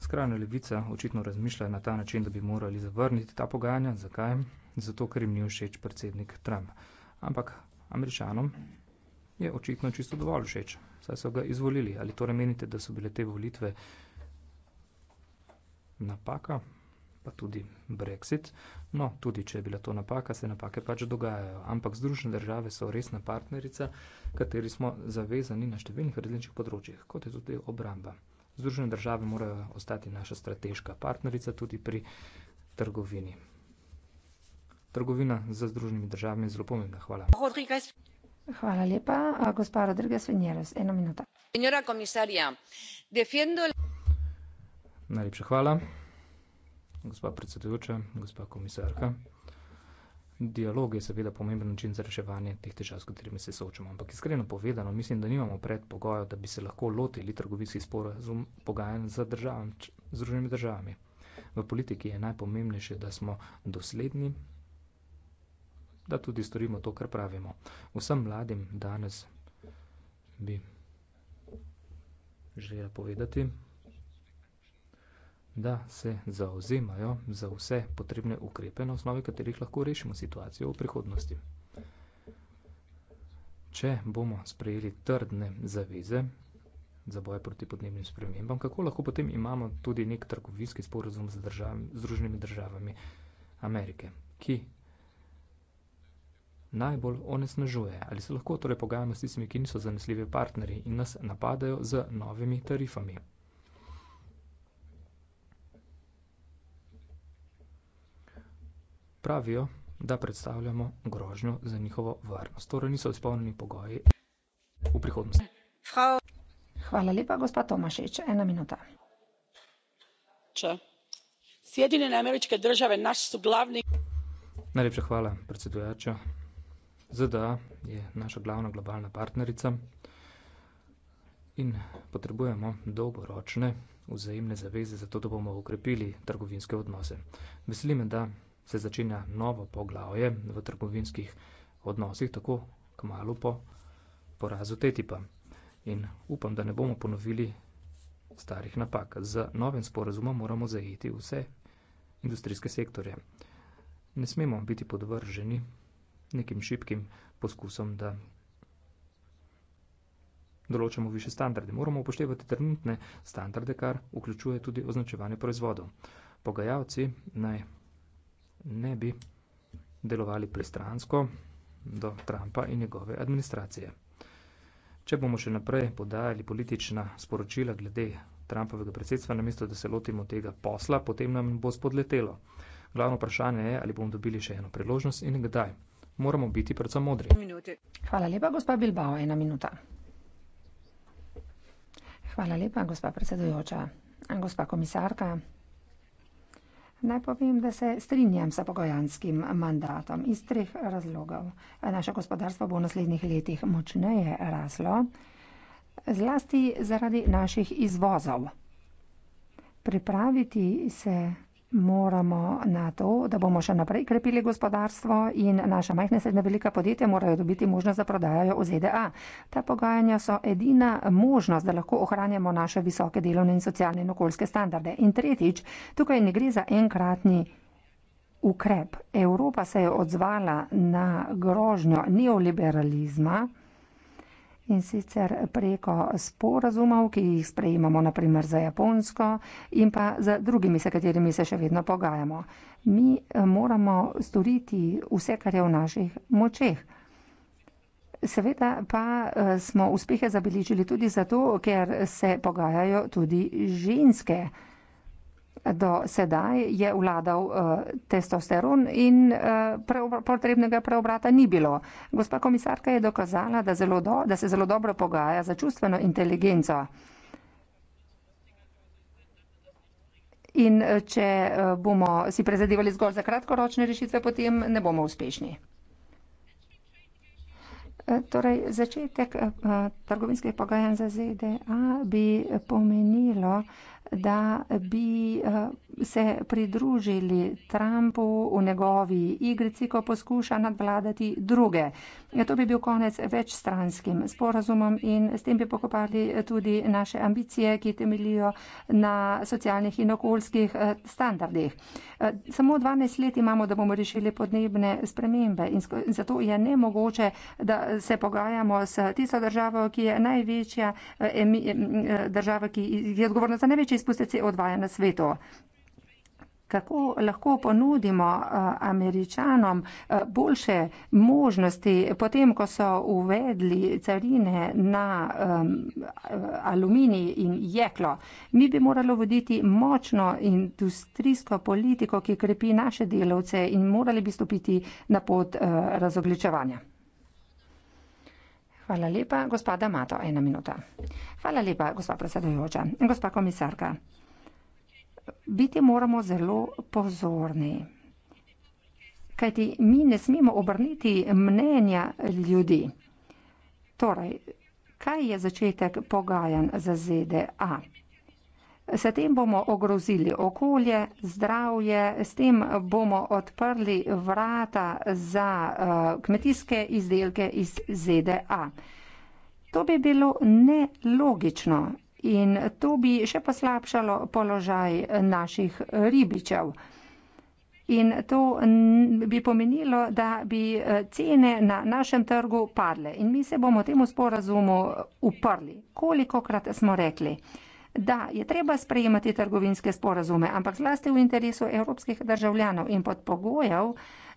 Skrajna levica očitno razmišlja na ta način, da bi morali zavrniti ta pogajanja. Zakaj? Zato, ker jim ni všeč predsednik Trump. Ampak američanom je očitno čisto dovolj všeč, saj so ga izvolili. Ali torej menite, da so bile te volitve napaka, pa tudi Brexit? No, tudi če je bila to napaka, se napake pač dogajajo. Ampak Združene države so resna partnerica, kateri smo zavezani na številnih različnih področjih, kot je tudi obramba. Združene države morajo ostati naša strateška partnerica tudi pri trgovini. Trgovina za združenimi državami je zelo pomembna. Hvala. Hvala lepa. Gospa Rodriguez Venjeres, ena minuta. Najlepša hvala. Gospa predsedujoča, gospa komisarka. Dialog je seveda pomemben način za reševanje teh težav, s katerimi se soočamo, ampak iskreno povedano, mislim, da nimamo predpogojo, da bi se lahko lotili trgovinskih sporazum pogajanj z združenimi državami. V politiki je najpomembnejše, da smo dosledni, da tudi storimo to, kar pravimo. Vsem mladim danes bi želela povedati da se zauzemajo za vse potrebne ukrepe, na osnovi katerih lahko rešimo situacijo v prihodnosti. Če bomo sprejeli trdne zaveze za boje proti podnebnim spremembam, kako lahko potem imamo tudi nek trgovinski sporozum z Združenimi državami Amerike, ki najbolj onesnažuje? Ali se lahko torej pogajamo s tistimi, ki niso zanesljivi partnerji in nas napadajo z novimi tarifami? pravijo, da predstavljamo grožnjo za njihovo varnost. Torej niso izpolnjeni pogoji v prihodnosti. Hvala lepa, gospa Tomašič. Ena minuta. Sjedinjene američke države naš su glavni... Najlepša hvala, predsedujoča. ZDA je naša glavna globalna partnerica in potrebujemo dolgoročne vzajemne zaveze, zato da bomo ukrepili trgovinske odnose. Veseli me, da se začenja novo poglavje v trgovinskih odnosih, tako kmalo po porazu TTIP-a. In upam, da ne bomo ponovili starih napak. Z novim sporazumom moramo zajeti vse industrijske sektorje. Ne smemo biti podvrženi nekim šipkim poskusom, da določamo više standarde. Moramo upoštevati trenutne standarde, kar vključuje tudi označevanje proizvodov. Pogajalci naj ne bi delovali pristransko do Trumpa in njegove administracije. Če bomo še naprej podajali politična sporočila glede Trumpovega predsedstva, namesto da se lotimo tega posla, potem nam bo spodletelo. Glavno vprašanje je, ali bomo dobili še eno priložnost in kdaj. Moramo biti predvsem modri. Hvala lepa, gospa Bilbao, ena minuta. Hvala lepa, gospa predsedujoča. Gospa komisarka, Naj povem, da se strinjam s pogojanskim mandatom iz treh razlogov. Naše gospodarstvo bo v naslednjih letih močneje raslo, zlasti zaradi naših izvozov. Pripraviti se moramo na to, da bomo še naprej krepili gospodarstvo in naša majhna srednja velika podjetja morajo dobiti možnost, da prodajajo v ZDA. Ta pogajanja so edina možnost, da lahko ohranjamo naše visoke delovne in socialne in okoljske standarde. In tretjič, tukaj ne gre za enkratni. Ukrep. Evropa se je odzvala na grožnjo neoliberalizma in sicer preko sporazumov, ki jih sprejemamo na primer za Japonsko in pa za drugimi, se katerimi se še vedno pogajamo. Mi eh, moramo storiti vse, kar je v naših močeh. Seveda pa eh, smo uspehe zabeležili tudi zato, ker se pogajajo tudi ženske do sedaj je vladal uh, testosteron in uh, eh, preob, potrebnega preobrata ni bilo. Gospa komisarka je dokazala, da, zelo do, da se zelo dobro pogaja za čustveno inteligenco. In eh, če bomo si prezadevali zgolj za kratkoročne rešitve, potem ne bomo uspešni. Torej, začetek trgovinskih pogajanj za ZDA bi pomenilo, da bi eh, se pridružili Trumpu v njegovi igrici, ko poskuša nadvladati druge. Ja, to bi bil konec večstranskim sporazumom in s tem bi pokopali tudi naše ambicije, ki temelijo na socialnih in okoljskih eh, standardih. Eh, samo 12 let imamo, da bomo rešili podnebne spremembe in zato je nemogoče, da se pogajamo s tisto državo, ki je največja država, ki je odgovorna za največji izpuste CO2 na svetu. Kako lahko ponudimo eh, američanom eh, boljše možnosti, potem, ko so uvedli carine na um, aluminij in jeklo? Mi bi morali voditi močno industrijsko politiko, ki krepi naše delavce in morali bi stopiti na pot uh, razogličevanja. Hvala lepa, gospoda Mato, ena minuta. Hvala lepa, gospa predsedujoča. Gospa komisarka, biti moramo zelo pozorni, kajti mi ne smemo obrniti mnenja ljudi. Torej, kaj je začetek pogajanj za ZDA? S tem bomo ogrozili okolje, zdravje, s tem bomo odprli vrata za eh, kmetijske izdelke iz ZDA. To bi bilo nelogično in to bi še poslabšalo položaj naših ribičev. In to bi pomenilo, da bi eh, cene na našem trgu padle. In mi se bomo temu sporazumu uprli. Kolikokrat smo rekli? da je treba sprejemati trgovinske sporazume, ampak zlasti v interesu evropskih državljanov in pod pogojev,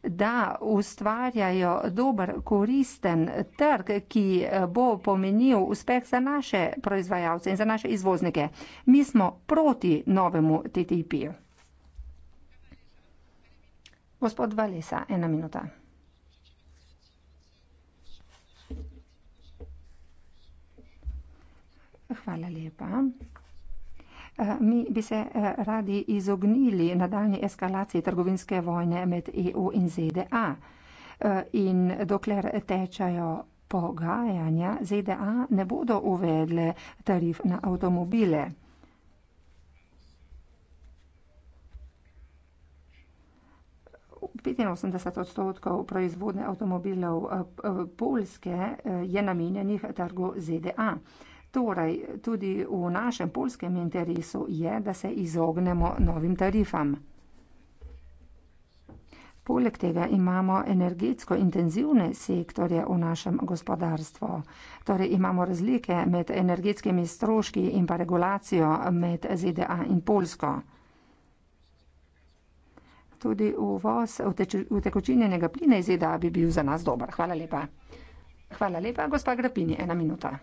da ustvarjajo dober, koristen trg, ki eh, bo pomenil uspeh za naše proizvajalce in za naše izvoznike. Mi smo proti novemu TTIP-ju. Gospod Valesa, ena minuta. Hvala lepa. Eh, mi bi se eh, radi izognili nadaljni eskalaciji trgovinske vojne med EU in ZDA. Eh, in dokler tečajo pogajanja, ZDA ne bodo uvedle tarif na avtomobile. Petinosemdeset odstotkov proizvodnje avtomobilov Poljske je namenjenih trgu ZDA. Torej, tudi v našem polskem interesu je, da se izognemo novim tarifam. Poleg tega imamo energetsko intenzivne sektorje v našem gospodarstvu. Torej imamo razlike med energetskimi stroški in pa regulacijo med ZDA in Polsko. Tudi uvoz utekočinjenega plina iz ZDA bi bil za nas dober. Hvala lepa. Hvala lepa, gospa Grapini, ena minuta.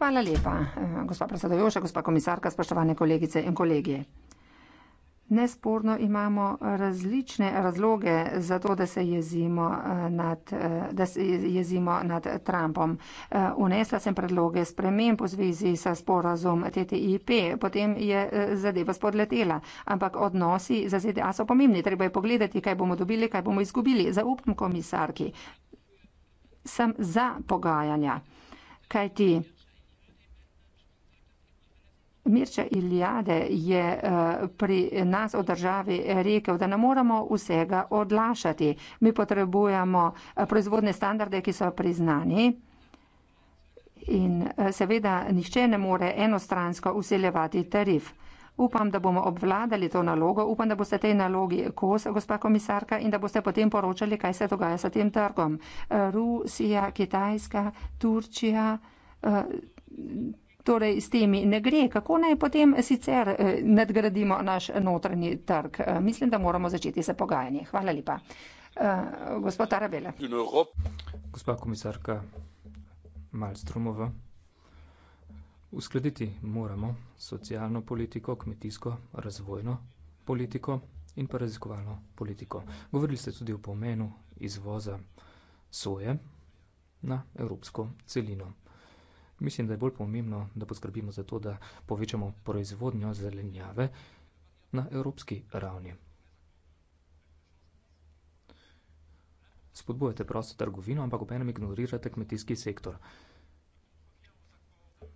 Hvala lepa, eh, gospa predsedojoša, gospa komisarka, spoštovane kolegice in kolegije. Nesporno imamo različne razloge za to, da se jezimo eh, nad, eh, se jezimo nad Trumpom. Unesla sem predloge sprememb v zvezi s sporazum TTIP, potem je zadeva spodletela, ampak odnosi za ZDA so pomembni. Treba je pogledati, kaj bomo dobili, kaj bomo izgubili. Zaupam komisarki, sem za pogajanja, kaj ti. Mirča Iljade je eh, pri nas v državi rekel, da ne moramo vsega odlašati. Mi potrebujemo eh, proizvodne standarde, ki so priznani. In eh, seveda nišče ne more enostransko usiljevati tarif. Upam, da bomo obvladali to nalogo, upam, da boste tej nalogi kos, gospa komisarka, in da boste potem poročali, kaj se dogaja s tem trgom. Rusija, Kitajska, Turčija torej s temi ne gre, kako naj potem sicer eh, nadgradimo naš notranji trg. Eh, mislim, da moramo začeti se pogajanje. Hvala lepa. Eh, gospod Arabele. Gospa komisarka Malstrumova. Uskladiti moramo socialno politiko, kmetijsko, razvojno politiko in pa raziskovalno politiko. Govorili ste tudi o pomenu izvoza soje na evropsko celino. Mislim, da je bolj pomembno, da poskrbimo za to, da povečamo proizvodnjo zelenjave na evropski ravni. Spodbujate prosto trgovino, ampak ob enem ignorirate kmetijski sektor.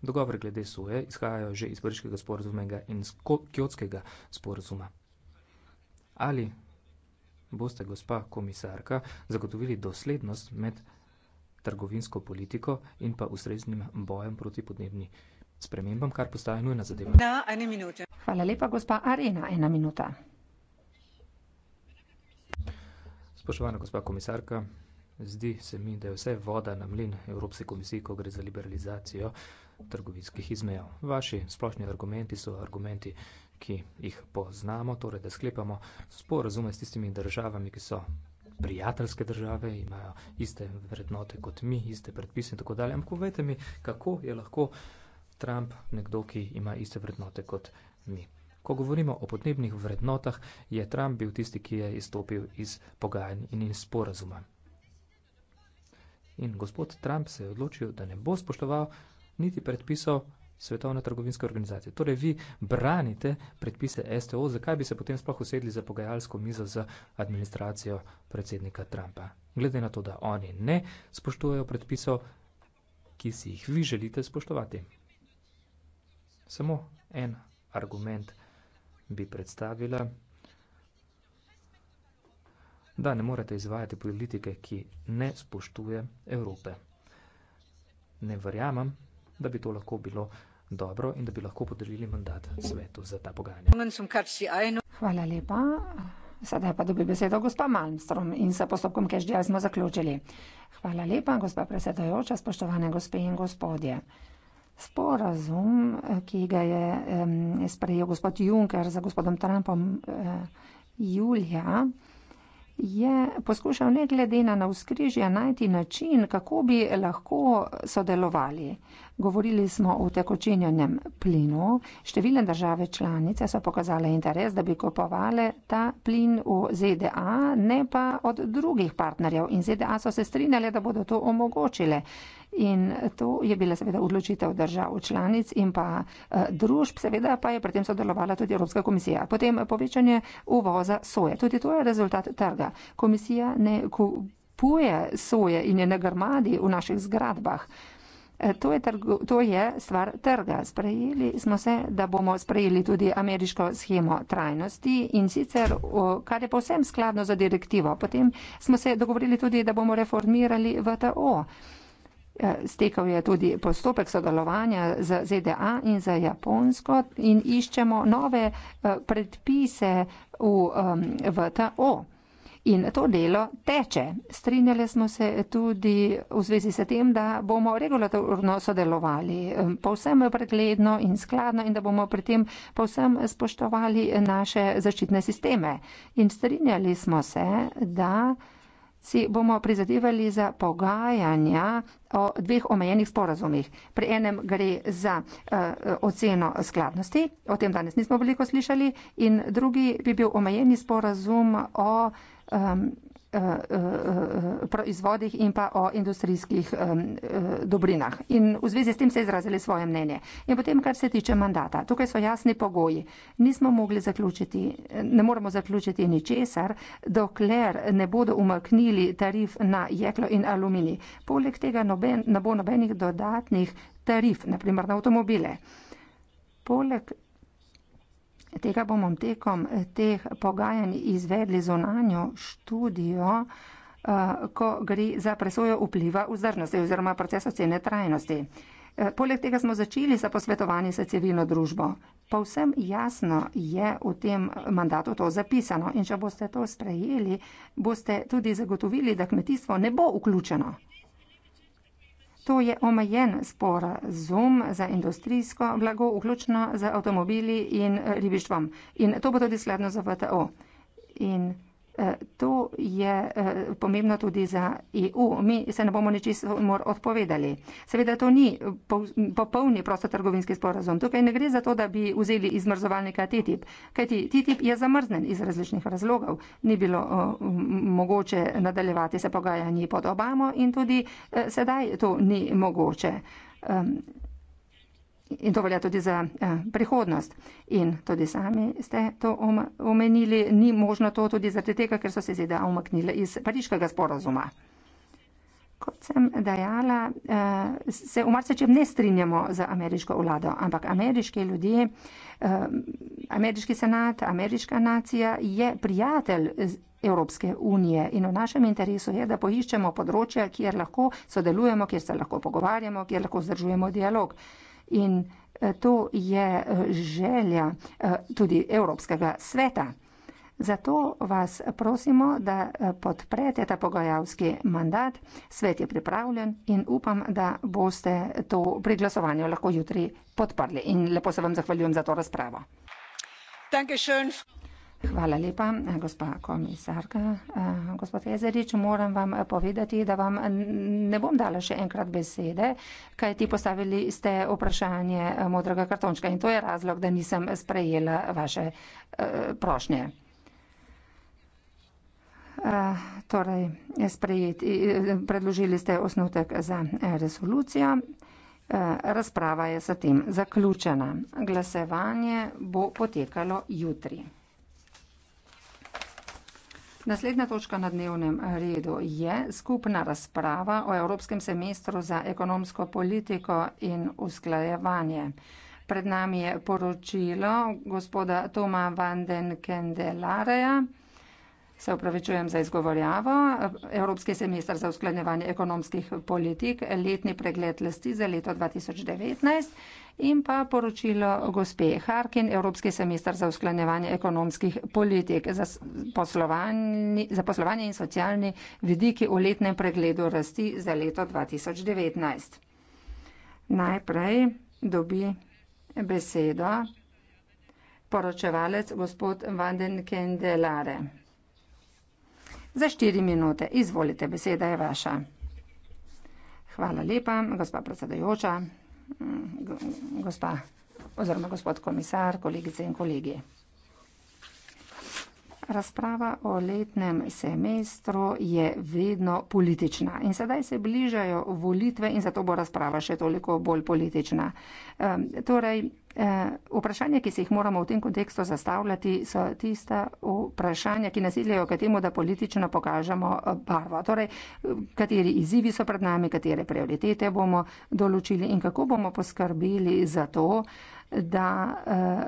Dogovore glede soje izhajajo že iz Briškega sporozumega in Kjotskega sporozuma. Ali boste, gospa komisarka, zagotovili doslednost med trgovinsko politiko in pa ustreznim bojem proti podnebni spremembam, kar postaje nujna zadeva. Na eno minuto. Hvala lepa, gospa Arena, ena minuta. Spoštovana gospa komisarka, zdi se mi, da je vse voda na mlin Evropske komisije, ko gre za liberalizacijo trgovinskih izmejev. Vaši splošni argumenti so argumenti, ki jih poznamo, torej da sklepamo sporazume s tistimi državami, ki so prijateljske države, imajo iste vrednote kot mi, iste predpise in tako dalje. Ampak povejte mi, kako je lahko Trump nekdo, ki ima iste vrednote kot mi. Ko govorimo o podnebnih vrednotah, je Trump bil tisti, ki je izstopil iz pogajanj in iz sporazuma. In gospod Trump se je odločil, da ne bo spoštoval niti predpisal Svetovne trgovinske organizacije. Torej, vi branite predpise STO, zakaj bi se potem sploh usedli za pogajalsko mizo z administracijo predsednika Trumpa? Glede na to, da oni ne spoštujejo predpisov, ki si jih vi želite spoštovati. Samo en argument bi predstavila, da ne morete izvajati politike, ki ne spoštuje Evrope. Ne verjamem, da bi to lahko bilo dobro in da bi lahko podelili mandat svetu za ta pogajanja. Hvala lepa. Sedaj pa dobi besedo gospa Malmstrom in sa postopkom Kešdjel smo zaključili. Hvala lepa, gospa predsedojoča, spoštovane gospe in gospodje. Sporazum, ki ga je sprejel gospod Juncker za gospodom Trumpom eh, julija, je poskušal ne glede na navskrižje najti način, kako bi lahko sodelovali. Govorili smo o tekočenjenem plinu. Številne države članice so pokazale interes, da bi kupovali ta plin v ZDA, ne pa od drugih partnerjev. In ZDA so se strinjali, da bodo to omogočile. In to je bila seveda odločitev držav članic in pa eh, družb, seveda pa je pri tem sodelovala tudi Evropska komisija. Potem povečanje uvoza soje. Tudi to je rezultat trga. Komisija ne kupuje soje in je na grmadi v naših zgradbah. Eh, to je, trgo, to je stvar trga. Sprejeli smo se, da bomo sprejeli tudi ameriško schemo trajnosti in sicer, kar je povsem skladno za direktivo. Potem smo se dogovorili tudi, da bomo reformirali VTO. Eh, stekal je tudi postopek sodelovanja z ZDA in z Japonsko in iščemo nove eh, predpise v VTO. In to delo teče. Strinjali smo se tudi v zvezi s tem, da bomo regulatorno sodelovali, povsem pregledno in skladno in da bomo pri tem povsem spoštovali naše zaščitne sisteme. In strinjali smo se, da si bomo prizadevali za pogajanja o dveh omejenih sporazumih. Pri enem gre za uh, oceno skladnosti, o tem danes nismo veliko slišali, in drugi bi bil omejeni sporazum o um, Eh, eh, eh, proizvodih in pa o industrijskih dobrinah. In v zvezi s tem se je izrazili svoje mnenje. In potem, kar se tiče mandata, tukaj so jasni pogoji. Nismo mogli zaključiti, ne moremo zaključiti ničesar, dokler ne bodo umaknili tarif na jeklo in aluminij. Poleg tega noben, ne bo nobenih dodatnih tarif, naprimer na avtomobile. Poleg tega bomo tekom eh, teh pogajanj izvedli zonanjo študijo, eh, ko gre za presojo vpliva vzdržnosti oziroma procesa cene trajnosti. Eh, poleg tega smo začeli za posvetovanje s civilno družbo. Povsem jasno je v tem mandatu to zapisano in če boste to sprejeli, boste tudi zagotovili, da kmetijstvo ne bo vključeno To je omejen sporazum za industrijsko blago, vključno z avtomobili in ribištvom. In to bo tudi skladno za VTO. In Eh, to je eh, pomembno tudi za EU. Mi se ne bomo ničesar odpovedali. Seveda to ni popolni prostotrgovinski sporazum. Tukaj ne gre za to, da bi vzeli izmrzovalnika TTIP, kajti TTIP je zamrznen iz različnih razlogov. Ni bilo eh, mogoče nadaljevati se pogajanji pod Obamo in tudi sedaj to ni mogoče. Ehm, in to velja tudi za eh, prihodnost. In tudi sami ste to om, omenili, ni možno to tudi zaradi tega, ker so se ZDA umaknile iz pariškega sporazuma. Kot sem dejala, eh, se v marsičem ne strinjamo z ameriško vlado, ampak ameriški ljudje, eh, ameriški senat, ameriška nacija je prijatelj. Evropske unije in v našem interesu je, da poiščemo področja, kjer lahko sodelujemo, kjer se lahko pogovarjamo, kjer lahko zdržujemo dialog. Uh, in eh, to je eh, želja eh, tudi Evropskega sveta. Zato vas prosimo, da podprete ta pogajalski mandat. Svet je pripravljen in upam, da boste to pri glasovanju lahko jutri podprli. In lepo se vam zahvaljujem za to razpravo. Hvala lepa, gospa komisarka. Gospod Jezerič, moram vam povedati, da vam ne bom dala še enkrat besede, kaj ti postavili ste vprašanje modrega kartončka in to je razlog, da nisem sprejela vaše eh, prošnje. Eh, torej, sprejeti, predložili ste osnutek za eh, resolucijo. Razprava je s tem zaključena. Glasevanje bo potekalo jutri. Naslednja točka na dnevnem eh, redu je skupna razprava o Evropskem semestru za ekonomsko politiko in usklajevanje. Pred nami je poročilo gospoda Toma van den Kendelareja. Se upravičujem za izgovorjavo. Evropski semestr za usklajevanje ekonomskih politik, letni pregled lasti za leto 2019 in pa poročilo gospe Harkin, Evropski semester za usklanjevanje ekonomskih politik za poslovanje, za poslovanje in socialni vidiki v letnem pregledu rasti za leto 2019. Najprej dobi besedo poročevalec gospod Vanden Kendelare. Za štiri minute. Izvolite, beseda je vaša. Hvala lepa, gospa predsedajoča gospa oziroma gospod komisar, kolegice in kolegi. Razprava o letnem semestru je vedno politična in sedaj se bližajo volitve in zato bo razprava še toliko bolj politična. Torej, eh, vprašanja, ki se jih moramo v tem kontekstu zastavljati, so tista vprašanja, ki nasiljajo k temu, da politično pokažemo eh, barvo. Torej, kateri izzivi so pred nami, katere prioritete bomo določili in kako bomo poskrbeli za to, da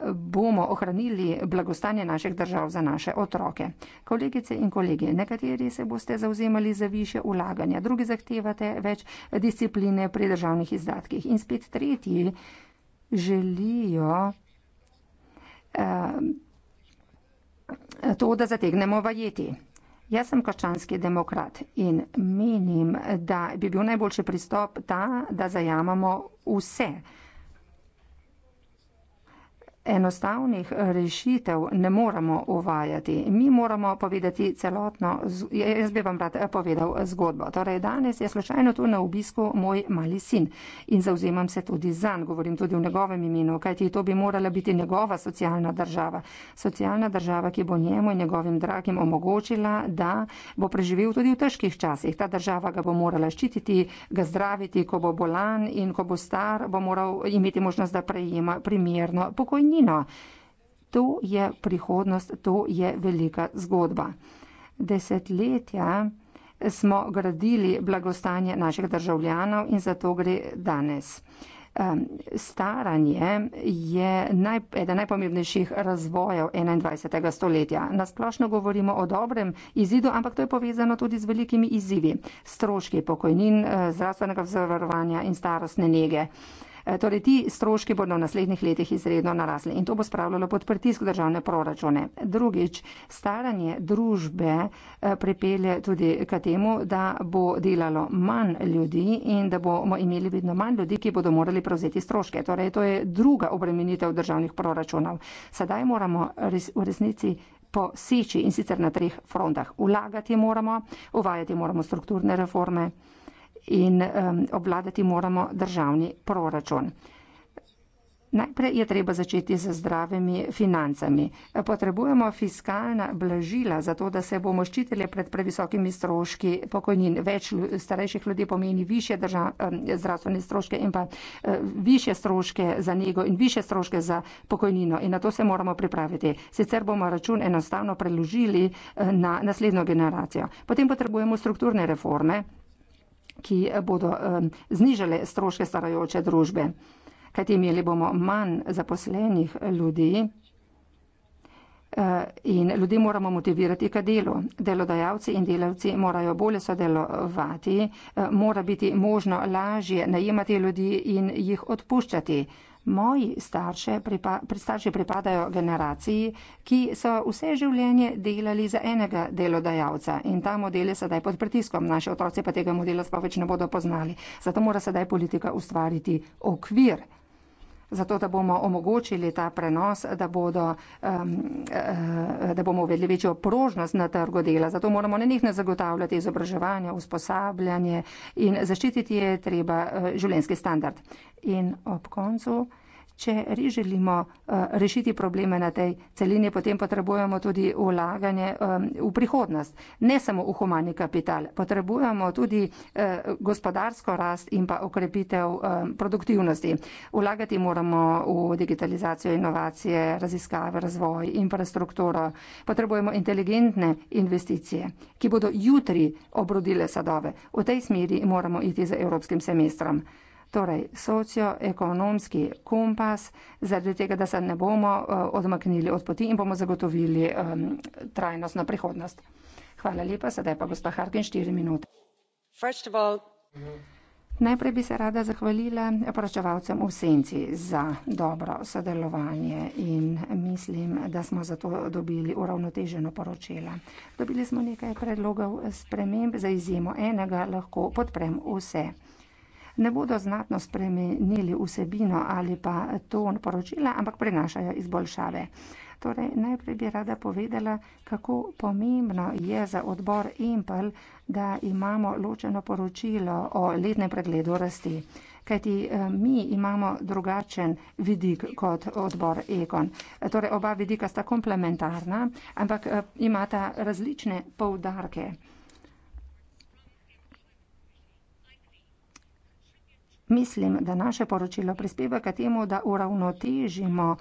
eh, bomo ohranili blagostanje naših držav za naše otroke. Kolegice in kolegi, nekateri se boste zauzemali za više ulaganja, drugi zahtevate več discipline pri državnih izdatkih in spet tretji želijo eh, to, da zategnemo vajeti. Jaz sem krščanski demokrat in menim, da bi bil najboljši pristop ta, da zajamamo vse enostavnih rešitev ne moramo uvajati. Mi moramo povedati celotno, jaz bi vam rad eh, povedal zgodbo. Torej, danes je slučajno tu na obisku moj mali sin in zauzemam se tudi zanj, govorim tudi v njegovem imenu, kajti to bi morala biti njegova socialna država. Socialna država, ki bo njemu in njegovim dragim omogočila, da bo preživel tudi v težkih časih. Ta država ga bo morala ščititi, ga zdraviti, ko bo bolan in ko bo star, bo moral imeti možnost, da prejema primerno pokojnino dohodnina. To je prihodnost, to je velika zgodba. Desetletja smo gradili blagostanje naših državljanov in zato gre danes. Staranje je naj, eden najpomembnejših razvojev 21. stoletja. Nasplošno govorimo o dobrem izidu, ampak to je povezano tudi z velikimi izzivi. Stroški pokojnin, eh, zdravstvenega zavarovanja in starostne nege. Eh, torej, ti stroški bodo v naslednjih letih izredno narasli in to bo spravljalo pod pritisk državne proračune. Drugič, staranje družbe eh, pripelje tudi k temu, da bo delalo manj ljudi in da bomo imeli vedno manj ljudi, ki bodo morali prevzeti stroške. Torej, to je druga obremenitev državnih proračunov. Sedaj moramo v resnici poseči in sicer na treh frontah. Vlagati moramo, uvajati moramo strukturne reforme in um, obvladati moramo državni proračun. Najprej je treba začeti z zdravimi financami. Potrebujemo fiskalna blažila, zato da se bomo ščitili pred previsokimi stroški pokojnin. Več starejših ljudi pomeni više držav, zdravstvene stroške in pa eh, više stroške za njego in više stroške za pokojnino. In na to se moramo pripraviti. Sicer bomo račun enostavno preložili eh, na naslednjo generacijo. Potem potrebujemo strukturne reforme ki bodo znižale stroške starajoče družbe. Kajti imeli bomo manj zaposlenih ljudi eh, in ljudi moramo motivirati k delu. Delodajalci in delavci morajo bolje sodelovati, eh, mora biti možno lažje najemati ljudi in jih odpuščati. Moji starše pripa, pri starši pripadajo generaciji, ki so vse življenje delali za enega delodajalca in ta model je sedaj pod pritiskom. Naši otroci pa tega modela sploh več ne bodo poznali. Zato mora sedaj politika ustvariti okvir zato da bomo omogočili ta prenos, da, bodo, um, uh, da bomo uvedli večjo prožnost na trgu dela. Zato moramo na njih ne zagotavljati izobraževanje, usposabljanje in zaščititi je treba uh, eh, življenski standard. In ob koncu. Če res želimo eh, rešiti probleme na tej celini, potem potrebujemo tudi ulaganje eh, v prihodnost. Ne samo v humani kapital, potrebujemo tudi eh, gospodarsko rast in pa okrepitev produktivnosti. Ulagati moramo v digitalizacijo, inovacije, raziskave, razvoj, infrastrukturo. Potrebujemo inteligentne investicije, ki bodo jutri obrodile sadove. V tej smeri moramo iti z evropskim semestrom. Torej, socioekonomski kompas, zaradi tega, da se ne bomo eh, odmaknili od poti in bomo zagotovili um, trajnostno prihodnost. Hvala lepa, sedaj pa gospa Harkin, štiri minute. Najprej bi se rada zahvalila poročevalcem v senci za dobro sodelovanje in mislim, da smo zato dobili uravnoteženo poročilo. Dobili smo nekaj predlogov sprememb, za izjemo enega lahko podprem vse ne bodo znatno spremenili vsebino ali pa ton poročila, ampak prenašajo izboljšave. Torej, najprej bi rada povedala, kako pomembno je za odbor EMPL, da imamo ločeno poročilo o letnem pregledu rasti. Kajti eh, mi imamo drugačen vidik kot odbor EGON. Torej, oba vidika sta komplementarna, ampak eh, imata različne poudarke. Mislim, da naše poročilo prispeva k temu, da uravnotežimo